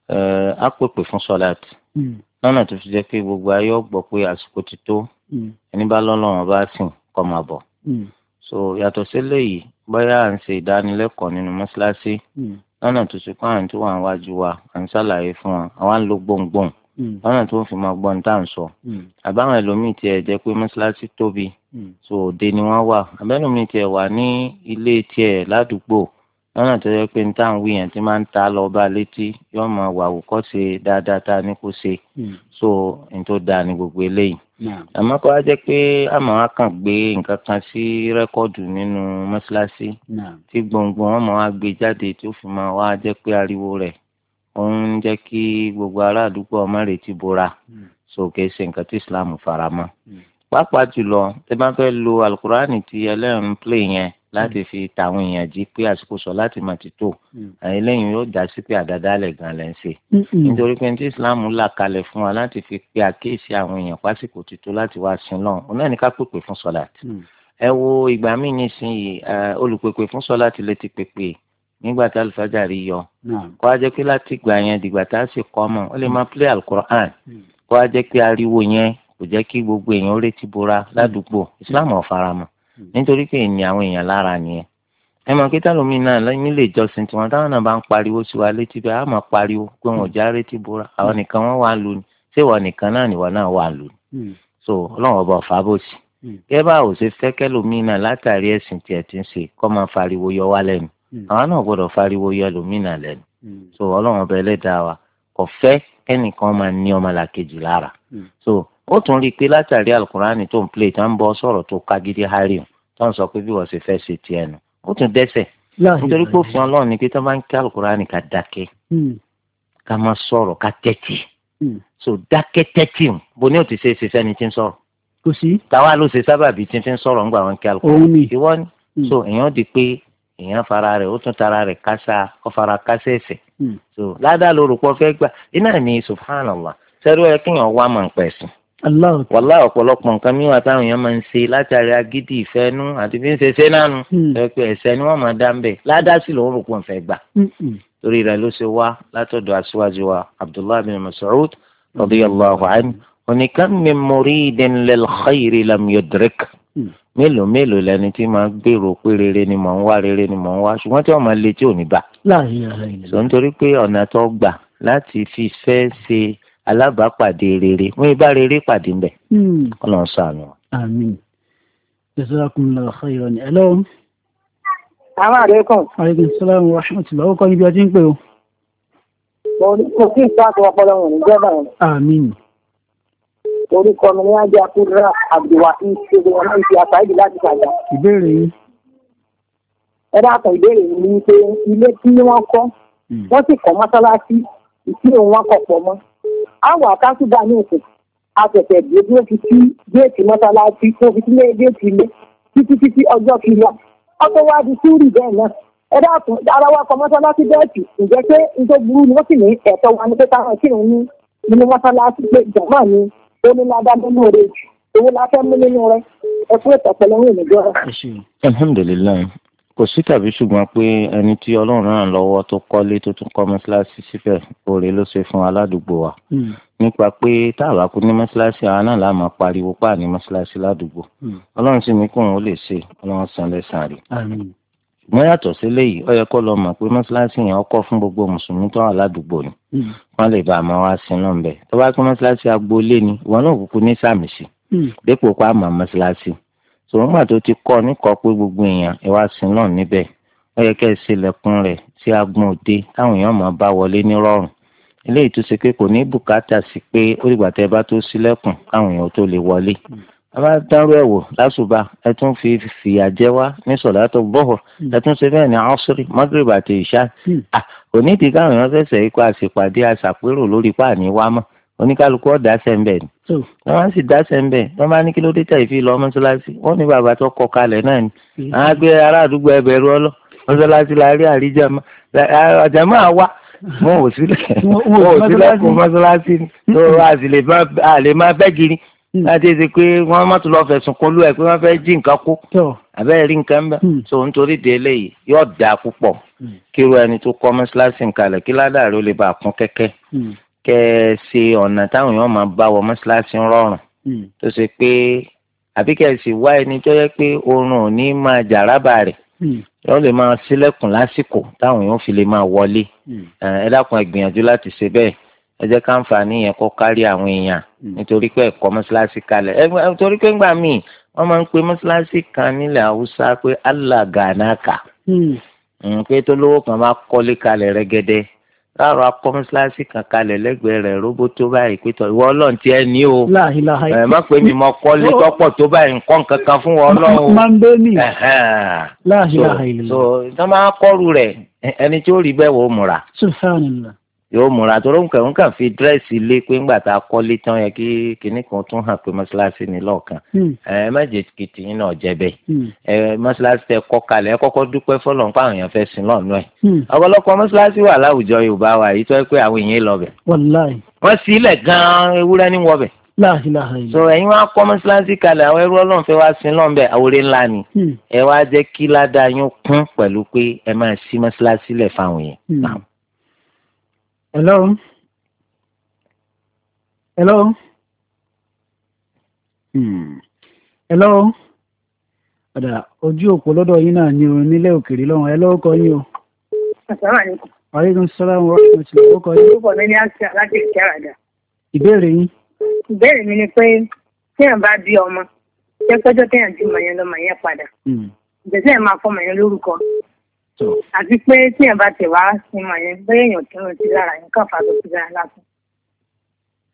á eh, pèpè fún sọláàtì hmm. lọ́nà tó fi jẹ́ pé gbogbo ayé ọ̀gbọ́ pé àsìkò ti tó hmm. ẹni bá lọ́lọ́run bá sìn kọ́ máa bọ̀ hmm. so yàtọ̀ sílẹ̀ yìí bóyá à ń ṣe ìdánilẹ́kọ̀ọ́ nínú mọ́ṣáláṣí lọ́nà tó ṣe pé àwọn tó wà níwájú wa à ń ṣàlàyé fún wa àwa ń lo gbòǹgbòǹ lọ́nà tó ń fi máa gbọ́n tá à ń sọ àbáwọn ẹlòmíì tiẹ̀ jẹ́ pé mọ́ṣáláṣí tóbi so òde ni wọ́n wà àbẹ́lòmíì tiẹ̀ wà ní ilé tiẹ̀ ládùúgbò lọ́nà na yẹ pé ní táwọn wí yẹn ti máa ń ta lọ bá létí yóò máa wà wòkọ́ ṣe dáadáa tá a ní kó hmm. so n tó da ní gbogbo eléyìí. àmọ́ kó wá jẹ́ pé àmọ́ kàn gbé nǹkan kan sí rẹ́kọ́ọ̀dù nínú mọ́ṣáláṣí tí gbòǹgbò gbé fi máa wá jẹ́ pé ariwo rẹ̀ ń jẹ́ kí gbogbo ará àdúgbò ọmọ rẹ̀ ti bora hmm. so kìí ṣe nǹkan tí Islam faramọ́. Hmm. pàápàá jùlọ tẹ bá fẹ́ lo alukurani láti mm. fi tàwọn èèyàn jí pé àsìkò sọ láti mà ti tó mm. àyè lẹ́yìn yóò dá sí pé àdádálẹ̀ gan lẹ́ ń ṣe nítorí pé tí islam là kalẹ̀ fún wa láti fi pe àkéèsí àwọn èèyàn pásìkò ti tó láti wá sin náà òun náà ní ká pèpè fún sọláàtì mm. ẹ wo ìgbà míì nísìnyí olùpèpè fún sọláàtì lè ti pèpè nígbà tá alùfájàrí yọ kó a jẹ́ pé láti gbà yẹn dìgbà tá a sì kọ́ mọ̀ ó lè máa play alukur'an kó a jẹ́ pé ariwo yẹn kò jẹ́ kí gbogbo èèyàn ó retí bora ládùúgbò islam ò faramọ́ Hmm. nítorí pé ìní àwọn èèyàn lára nìyẹn ẹ mọ̀ kí tálómi náà nílé ìjọsìn tiwọn táwọn náà bá ń pariwo sí wa létí bẹ́ẹ̀ á máa pariwo pé wọn ò já rétí bora àwọn hmm. nìkan wọn wà lù ní ṣé ìwọ nìkan náà nìwọ náà wà lù ní. Hmm. so ọlọ́run ọba ọ̀fà bò sí. kẹ́ bá ò ṣe fẹ́ kẹ́lómi náà látàrí ẹ̀sìn tiẹ̀ ti ń ṣe kọ́ máa fariwo yọ wá lẹ́nu àwọn náà gbọ́dọ̀ fariwo yọ ẹlòmíì náà lẹ́nu. so ọlọ́run ọba ẹlẹ́dàá wa kò fẹ́ kẹ́nìkan máa ní ọmọlàkejì lára. so ó tún rí i pé látàrí alukurani tó ń plé tó ń bọ́ sọ̀rọ̀ tó ká gidi hari tó ń sọ pé bí wọ́n ṣe fẹ́ ṣe tiẹ̀ nù ó tún dẹ́sẹ̀ nítorí pé òfin ọlọ́run ni pé tó ń alukurani ká dákẹ́ hmm. ká hmm. so dákẹ́ tẹ́tì ń bo ní òtí ṣe é ṣe fẹ́ni tí ń sọ̀rọ̀ táwa ló ṣe sábàbí tí ń fi ń sọ̀rọ̀ ńgbà wọn alukurani hmm. so èèyàn di pé èèyàn fara rẹ̀ ó wàlá ọ̀pọ̀lọpọ̀ nǹkan mìíràn táwọn èèyàn máa ń ṣe látàrí agídí ìfẹ́nu àti bí ń ṣe ṣe nánu hmm. ẹ̀pẹ́ ẹ̀ṣẹ̀ ni wọ́n máa dá ń bẹ̀ ládàásì lòun rò pọ̀ nfẹ́ gbà. torí rẹ̀ ló ṣe wá látọ̀dọ̀ aṣíwájú wa abdullahi bin mas'ud radiyallahu anhu òní kam min muridin lil khayri lam yudrik hmm. mélòó mélòó lẹni tí máa gbèrò pé rere ni mò ń wá rere ni mò ń wá ṣùgbọ́n tí wọ́n máa alábàápàdé rere wọn ibà rere pàdé ń bẹ. Hmm. Ọlọ́run ṣàánú. àmín jazakumullahu khairan ẹ lọ́wọ́. àwọn àlékún. aleykum salaam wa rahmatulah ó kọ́ ibi ọtí ń pè o. mo kí ìsáàkì ọpọlọ wọn níjọba yẹn. àmín. orúkọ mi ní ajé akúrà abdulwahi ṣẹlẹ wọn náà ti àtàyè láti ṣàjà. ìbéèrè yìí. ẹ dákun ìbéèrè mi ni pé ilé tí wọ́n kọ́ hmm. wọ́n sì kọ́ mọ́sálásí ìṣirò wọn kọ̀ pọ̀ mọ́. awa àkáǹtì gbà náà kù àtẹ̀tẹ̀ dé bí ó fi sí géètì mọ́sálásí tó fi sílé géètì ilé títí títí ọjọ́ kìíní ọkọ̀ wa di súrì bẹ́ẹ̀ náà ẹ dákun ara wa kọ mọ́sálásí géètì ǹjẹ́ pé nítorí burú ni wọ́n sì ní ẹ̀tọ́ wa ni kò sí tàbí ṣùgbọ́n pé ẹni tí ọlọ́run ràn lọ́wọ́ tó kọ́lé tó tún kọ́ mọ́ṣáláṣí síbẹ̀ oore ló ṣe fún aládùúgbò wa hmm. nípa pé tá a bá kú ní mọ́ṣáláṣí àwa náà la máa pariwo pa ní mọ́ṣáláṣí ládùúgbò hmm. ọlọ́run sì ní kóun ó lè ṣe ọlọ́run san lẹ́sàn-án rẹ̀. ṣùgbọ́n yàtọ̀ sí léyìí ó yẹ kó lọ mọ̀ pé mọ́ṣáláṣí yẹn ọkọ̀ fún gbogbo mùsùlùmí tó wà ládùúgbò ni hmm. wọ́n lè ni ìwọ náà kúkú ní sàmì sòwòmà tó ti kọ́ níkọ́ pé gbogbo èèyàn ìwà sí náà níbẹ̀ ó yẹ kẹ́ ẹ ṣílẹ̀kùn rẹ̀ sí agbọn òde táwọn èèyàn máa bá wọlé nírọ̀rùn eléyìí tó ṣe pé kò ní bùkátà sí pé ó dìgbà tẹ́ bá tó ṣílẹ̀kùn káwọn èèyàn tó lè wọlé a bá dárú ẹ wò lásùbà ẹ tún fi fìyà jẹ wá ní sọ̀dátọ̀ bọ́họ̀ hmm. ẹ tún ṣe bẹ́ẹ̀ ní ọ́sírì magrib àti ìṣá hmm. òní káwọn èèyàn fẹsẹ̀ ikú àṣèpàdé àṣàpérò lórí páàní wá mọ́ oníkálukú ọ̀dà sẹ́ńbẹ̀ ni wọ́n máa ń sì dá sẹ́ńbẹ̀ wọ́n máa ní kí ló dé tẹ̀ fi lọ mọ́ṣáláṣí wọ́n ní bàbá tó kọ kalẹ̀ náà ni àwọn mm. agbé ará àdúgbò ẹbẹ̀rù ọlọ́ mọ́ṣáláṣí la rí àríjàmá àjàmá wa wọn ò sílẹ̀ wọn ò sílẹ̀ kó mọ́ṣáláṣí ni tó àlè máa bẹ́ gírí mm. láti ṣe pé wọ́n má tún lọ fẹ̀sùn kọlù ẹ̀ pé wọ́n fẹ́ jí nǹkan kó abẹ́rẹ́ rí nǹkan bẹ́ẹ̀ mm. so nítorí délé yìí yóò dáa púpọ̀ kí irú ẹni tó kọ́ mọ́ṣáláṣí nǹkan lẹ̀ kí ládàá rẹ̀ ó lè bàa kún kẹ́kẹ́ kẹ́ ẹ ṣe ọ̀nà táwọn èèyàn máa bá wọ mọ́ṣáláṣí rọrùn hmm. tó ṣe pé àbí kẹ́ ẹ sì wá ẹni tó yẹ pé oorun ò ní máa jàrábà rẹ̀ yóò hmm. lè máa ṣílẹ̀kùn lásìkò táwọn èèyàn fi lè máa wọlé hmm. ẹ dákun ẹ gbìyànjú láti ṣe bẹ́ẹ̀ ẹ jẹ́ káǹfààní yẹn kó kárí àwọn èèyàn nítorí pé ẹ̀kọ́ mọ́ṣáláṣí kalẹ̀ ẹ nítorí pé ńgbà míì wọ́n máa ń pe mọ́ṣáláṣí kan nílẹ̀ haúsá pé alàgànàkà pé tó lówó kan bá kọ́lé kalẹ̀ rẹ́gẹ́dẹ́ láàrọ̀ akọ́ mọ́ṣáláṣí kan kalẹ̀ lẹ́gbẹ̀ẹ́ rẹ̀ róbótó báyìí pétọ́ ìwọ ọlọ́run tiẹ̀ ní o ẹ̀ má pé mi mọ kọ́lé tọ́pọ̀ tó báyìí nǹkan kankan fún wọn ọlọ́run. o ń bẹ ní láàhìláhà ìlú. so ìjọba akọ́rù rẹ̀ ẹni tí ó rí bẹ́ẹ̀ wò ó múra. yóò múra tó lóun kàn kàn fi dírẹ́sì lé pé ńgbà tá a kọ́lé tán yẹ kí kinní kan tún hàn pé mọ́ṣáláṣí ni lọ́ọ̀kan hmm. ẹ kìtì yín náà jẹ bẹ́ẹ̀ hmm. ẹ mọ́ṣáláṣí tẹ kọ́ kalẹ̀ ẹ kọ́kọ́ dúpẹ́ fọlọ́n àwọn èèyàn fẹ́ sin ẹ̀ hmm. ọ̀pọ̀lọpọ̀ mọ́ṣáláṣí wà wọ́n gan-an ewúrẹ́ ní so àwọn ẹrú wa sin ńlá ni ẹ wá kí ládàá yín kún pé ẹ máa fáwọn Hello? Hello? Hmm. Hello? Ọ̀dà ojú òpó lọ́dọ̀ yín náà ni òun nílẹ̀ òkèèrè lọ́wọ́. Hello kọ́ yín o. Àsàlámù. Aleykum salaam wa rahmatulah. Ó kọ́ yín. Orúkọ mi ni Aṣa láti Ìkẹ́ràdà. Ìbéèrè yín. Ìbéèrè mi ni pé téèyàn bá bí ọmọ, ṣé pẹ́jọ́ téèyàn bí mọ̀ yẹn lọ́mọ yẹn padà? Hmm. Ǹjẹ́ téèyàn máa fọmọ yẹn lórúkọ? àti pé tí èèyàn bá tẹ̀ wá sí mọ̀ yẹn bẹ́ẹ̀ èèyàn kí wọ́n ti lára yẹn kàn fà tó ti lásán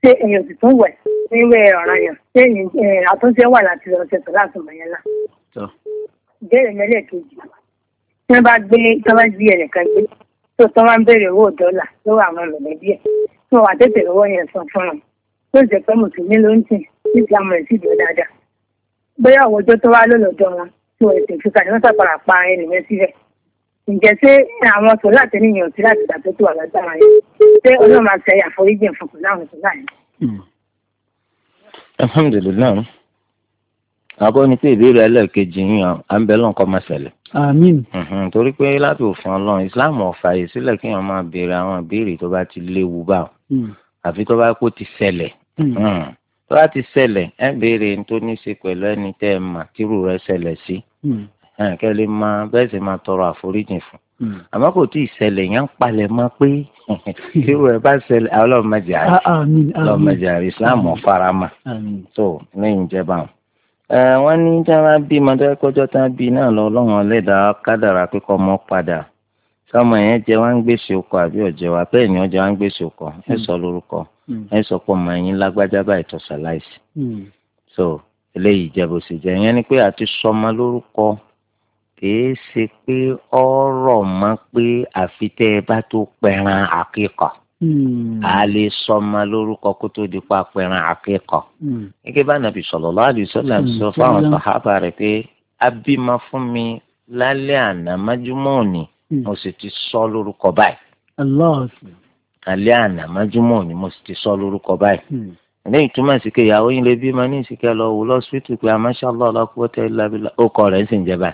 ṣé èèyàn sì tún wẹ̀ níwẹ̀ ọ̀ràn yẹn ṣé eh, àtúnṣe wà láti ọ̀sẹ̀ tó láti mọ̀ yẹn lá. ìbéèrè mi lẹ́ẹ̀kejì tí wọ́n bá gbé tí wọ́n bá gbé gbé tó tán wá ń béèrè owó dọ́là lọ́wọ́ àwọn mọ̀lẹ́bí ẹ̀ tí wọ́n wà tètè lọ́wọ́ yẹn san fún wọn tó jẹ́ pé mùsùlùmí ló ń tìǹ níbi àmọ̀ ẹ̀ sì dáadáa bóyá àwọn tó wá lọ́lọ́dọ̀ wọn tí wọ́n ètò ìfúkà ni wọ́n sàpàrà pa ẹnìyẹn síbẹ̀ ǹjẹ́ ṣé àwọn sọ láti níyàn tí láti gbà tó tó wà lágbára yẹn ṣé ọlọ́run máa ṣe àforíjì fún kò láwọn sọ láyé. Hmm. alhamdulilayi àbọ̀ ní pé ìbéèrè ẹlẹ́ẹ̀kejì yín à kọ́ máa ṣẹlẹ̀. àmín. Hmm, torí pé láti òfin ọlọ́run islam ò sílẹ̀ kí wọ́n máa béèrè àwọn ìbéèrè tó bá ti léwu báwo hmm. àfi tó bá kó ti ṣẹlẹ̀ tó bá ti ṣẹlẹ̀ ẹ béèrè tó ní í ṣe pẹ̀lú ẹni tẹ́ ẹ mà tírù rẹ ṣẹlẹ̀ sí kẹ́ lè máa bẹ́ẹ̀ sì máa tọrọ àforíjì fún hmm. àmọ́ kò tí ì ṣẹlẹ̀ yẹn ń palẹ̀ mọ́ pé irú bá ọlọ́mọdé àrí ọlọ́mọdé àrí islam ọ̀farama tó lẹ́yìn ìjẹba wọn. wọ́n ní tí bí mọ́tò kọjọ́ tán bí náà lọ ọlọ́run ọlẹ́dàá kádàrà pípọ̀ mọ́ padà sọmọ yẹn wá ń gbèsè àbí ọjẹ wa bẹ́ẹ̀ ni wá ń gbèsè hmm. hmm. ẹ sọ lórúkọ ẹ ọmọ so eléyìí ìjẹ́bù sì jẹ́ kìí ṣe pé ọ rọ̀ mọ́ pé àfi bá tó pẹran àkíkọ̀ hmm. a lè sọmọ lórúkọ kó tó di pa pẹran àkíkọ̀ hmm. gẹ́gẹ́ bá nàbì sallallahu alaihi wasallam hmm. sọ fáwọn sàhábà rẹ̀ pé abímọ fún mi lálẹ́ àná májúmọ́ òní mo sì ti sọ lórúkọ báyìí àná májúmọ́ ni mo sì ti sọ lórúkọ báyìí. ma ní lọ wò pé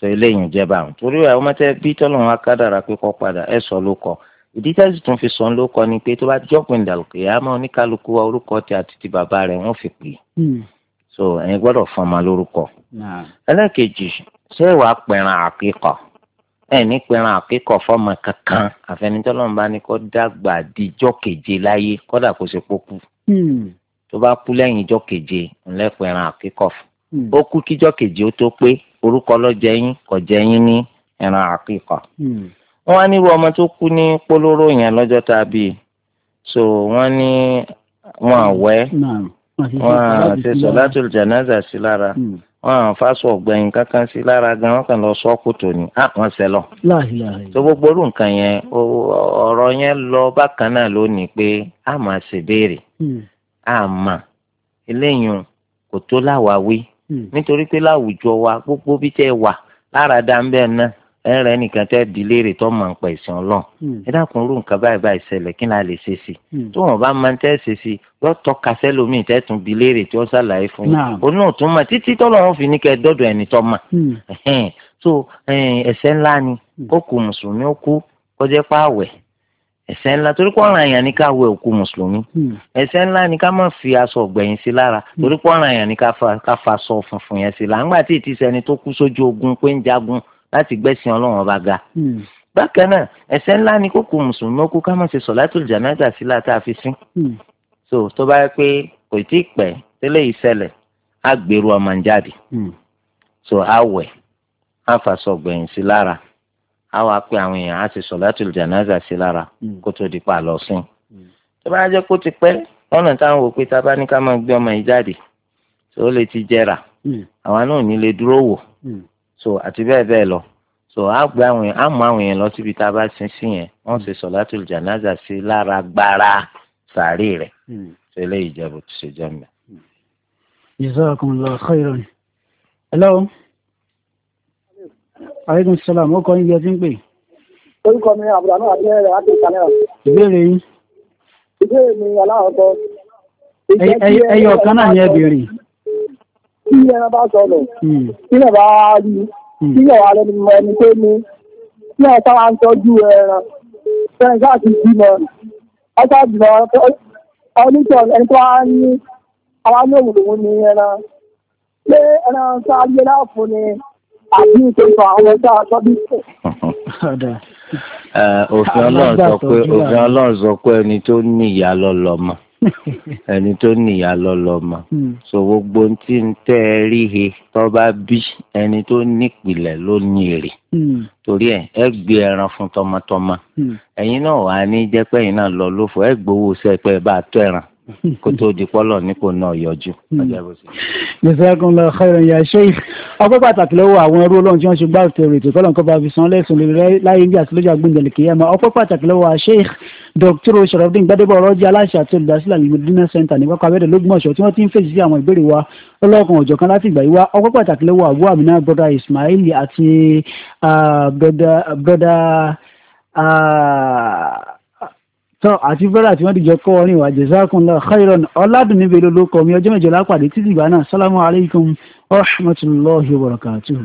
sọ eléyìí ń jẹba àwọn torí àwọn ọmọ tẹ bí tọ́lọ́run akádàrà pé kọ́ padà ẹ sọ ló kọ ìdí tẹ́sí tún fi sọ ló kọ ni pé tó bá jọ́pin ìdàlùkè yá máa oníkálukú wa orúkọ tí àti ti bàbá rẹ̀ wọ́n fi pè é hmm. so ẹ̀yin gbọ́dọ̀ fún ọmọ lórúkọ. ẹlẹ́kejì ṣé wàá pẹ̀ràn àkíkọ̀ ẹ̀ ní pẹ̀ràn àkíkọ̀ fọ́mọ kankan àfẹnitọ́lọ́run bá ní kó dàgbà díjọ́ keje láyé kọ́dà kó ṣe pókú hmm. tó bá kú lẹ́yìn ijọ́ keje ńlẹ́pẹ̀ràn àkíkọ̀ fún hmm. ó kú kíjọ́ keje ó tó pé orúkọ lọ́jẹ́ yín kò jẹ́ yín ní ẹran àkíkà. wọ́n á ọmọ tó kú ní yẹn lọ́jọ́ tá so wọ́n ní wọn àwẹ́ wọn àti sọ̀látùl jánásà sí lára hmm. wọn àwọn fásọ ọgbẹ̀yìn kankan sí lára gan wọn lọ sọ kòtò tó ah, gbogbo orú nǹkan yẹn ọ̀rọ̀ yẹn lọ bákan náà lónìí pé a máa Hmm. nítorí pé láwùjọ wa gbogbo bí tẹ́ wà lára dá ń bẹ́ẹ̀ náà ẹ rẹ nìkan tẹ́ di léèrè tó mọ̀ nípa ìsìn Ọlọ́run hmm. ẹ dákun irú nǹkan báyìí báyìí ṣẹlẹ̀ kí la lè ṣe sí i hmm. tó wọn bá máa ń tẹ́ ṣe sí i yóò tọ́ka sẹ́lómi tẹ́ tún di léèrè tí ó ṣàlàyé fún yín òun náà tún mọ̀ títí tọ́lọ́run fi ní kẹ́ ẹ dọ́dọ̀ ẹni tó mọ̀ so ẹ̀ṣẹ̀ ńlá ni ó kù mùsùlùmí ó kú kọjá pààwẹ̀ ẹ̀ṣẹ̀ ńlá torí pé ọ̀ràn àyàn ni ká wẹ òkú mùsùlùmí hmm. ẹ̀ṣẹ̀ ńlá ni ká má fi aṣọ ọ̀gbẹ̀yìn sí lára hmm. torí pé ọ̀ràn àyàn ni ká fa aṣọ funfun yẹn sí lára ńgbà tí ìtì sẹni tó kú sójú ogun pé ń jagun láti gbẹ̀sìn ọlọ́run ọba ga. Hmm. bákan náà ẹ̀ṣẹ̀ ńlá ni kókò mùsùlùmí ó kú ká má ṣe sọ̀látùl jánásà sí lára tá a fi sín. so tó bá yẹ pé kò tí ì pẹ́ tẹ́lẹ̀ yìí ṣẹlẹ̀ á gbèrú ọmọ jáde so á wẹ̀ á fàṣọ ọ̀gbẹ̀yìn sí lára á wàá pe àwọn èèyàn á sì solatul janaza sí lára hmm. kó tó di pa lọ sìn hmm. tó bá jẹ́ kó ti pẹ́ lọ́nà táwọn wò pé tá a bá ní ká máa gbé ọmọ yìí jáde tó lè ti jẹrà hmm. àwọn náà ní lè dúró wò so àti bẹ́ẹ̀ bẹ́ẹ̀ lọ so á gbé àwọn èèyàn á mú àwọn èèyàn lọ síbi tá a bá sin sí yẹn wọ́n sì solatul janaza sí lára gbára sàárè rẹ̀ tó eléyìí jẹ́ bó ti ṣe jẹ́ mi. jazakumullahu khairan hello. aleykum salam ó kọ́ yín yẹ tí ń pè. orúkọ mi àbùdánù àti láti ìsàlẹ̀. ìbéèrè yín. ìbéèrè mi aláwọ̀tọ́. ẹyọ kan náà ni ẹ béèrè. tí ẹran bá sọnù tí ẹ bá rí tí ẹ wà lẹ́nu ẹni tó ẹ ń tọ́jú ẹran fẹ́ràn bímọ ẹni tó wá ní àwọn òwúrò ẹran pé ẹran ni. àbí nítorí àwọn ẹgbẹ́ aṣọ bí kò. Eh, òfin ọlọ́run sọ pé òfin ọlọ́run sọ pé ẹni tó ní ìyá lọ́lọ́mọ ẹni tó níyà lọlọmọ hmm. so gbogbo tí ń tẹ ẹ rí he tó bá bí ẹni tó nípìlẹ̀ ló ní èrè hmm. torí ẹ ẹ gbé ẹran fún tọmọtọmọ hmm. ẹ̀yin náà wà ní jẹ́ pé ẹ̀yin náà lọ lófo ẹ gbowó sẹpẹ bá tọ́ ẹran kó tó di pọ́lọ̀ nípò náà yọjú. Hmm. jazakumullahu khairan ya sheikh ọgbẹ́ pàtàkì lọ́wọ́ àwọn ẹrú ọlọ́run tí wọ́n ṣe gbáàtò ètò ìfọ́lọ́n kọ́ bá fi san lẹ́sùn lórí láyé ń bí àtìlójú àgbọ̀ndẹ̀lẹ̀ kìíyàmá ọgbẹ́ pàtàkì lọ́wọ́ sheikh dr sharafdin gbadebo ọrọjì aláṣẹ àti olùdásílẹ̀ alimudina center ní pápá abẹ́rẹ́ lógúnmọ̀ṣọ́ tí wọ́n ti ń fèsì sí àwọn ìbéèrè wa ọlọ́kan ọ̀jọ̀ kan láti ìgbà yìí wá ọgbẹ́ pàtàkì lọ́wọ́ àbú àmìnà broda ismail àti ah, broda tọ́ àti bẹ́rẹ̀ tí wọ́n dìjọ kọ́ orin wa jazakumullahu khairan ọ̀làdùnní bèlò ló kọ́ mi ọjọ́ mẹ́jọ lápàdé títí ìgbà náà sálámù alaykum wa rahmatulahi wa barakatuhu.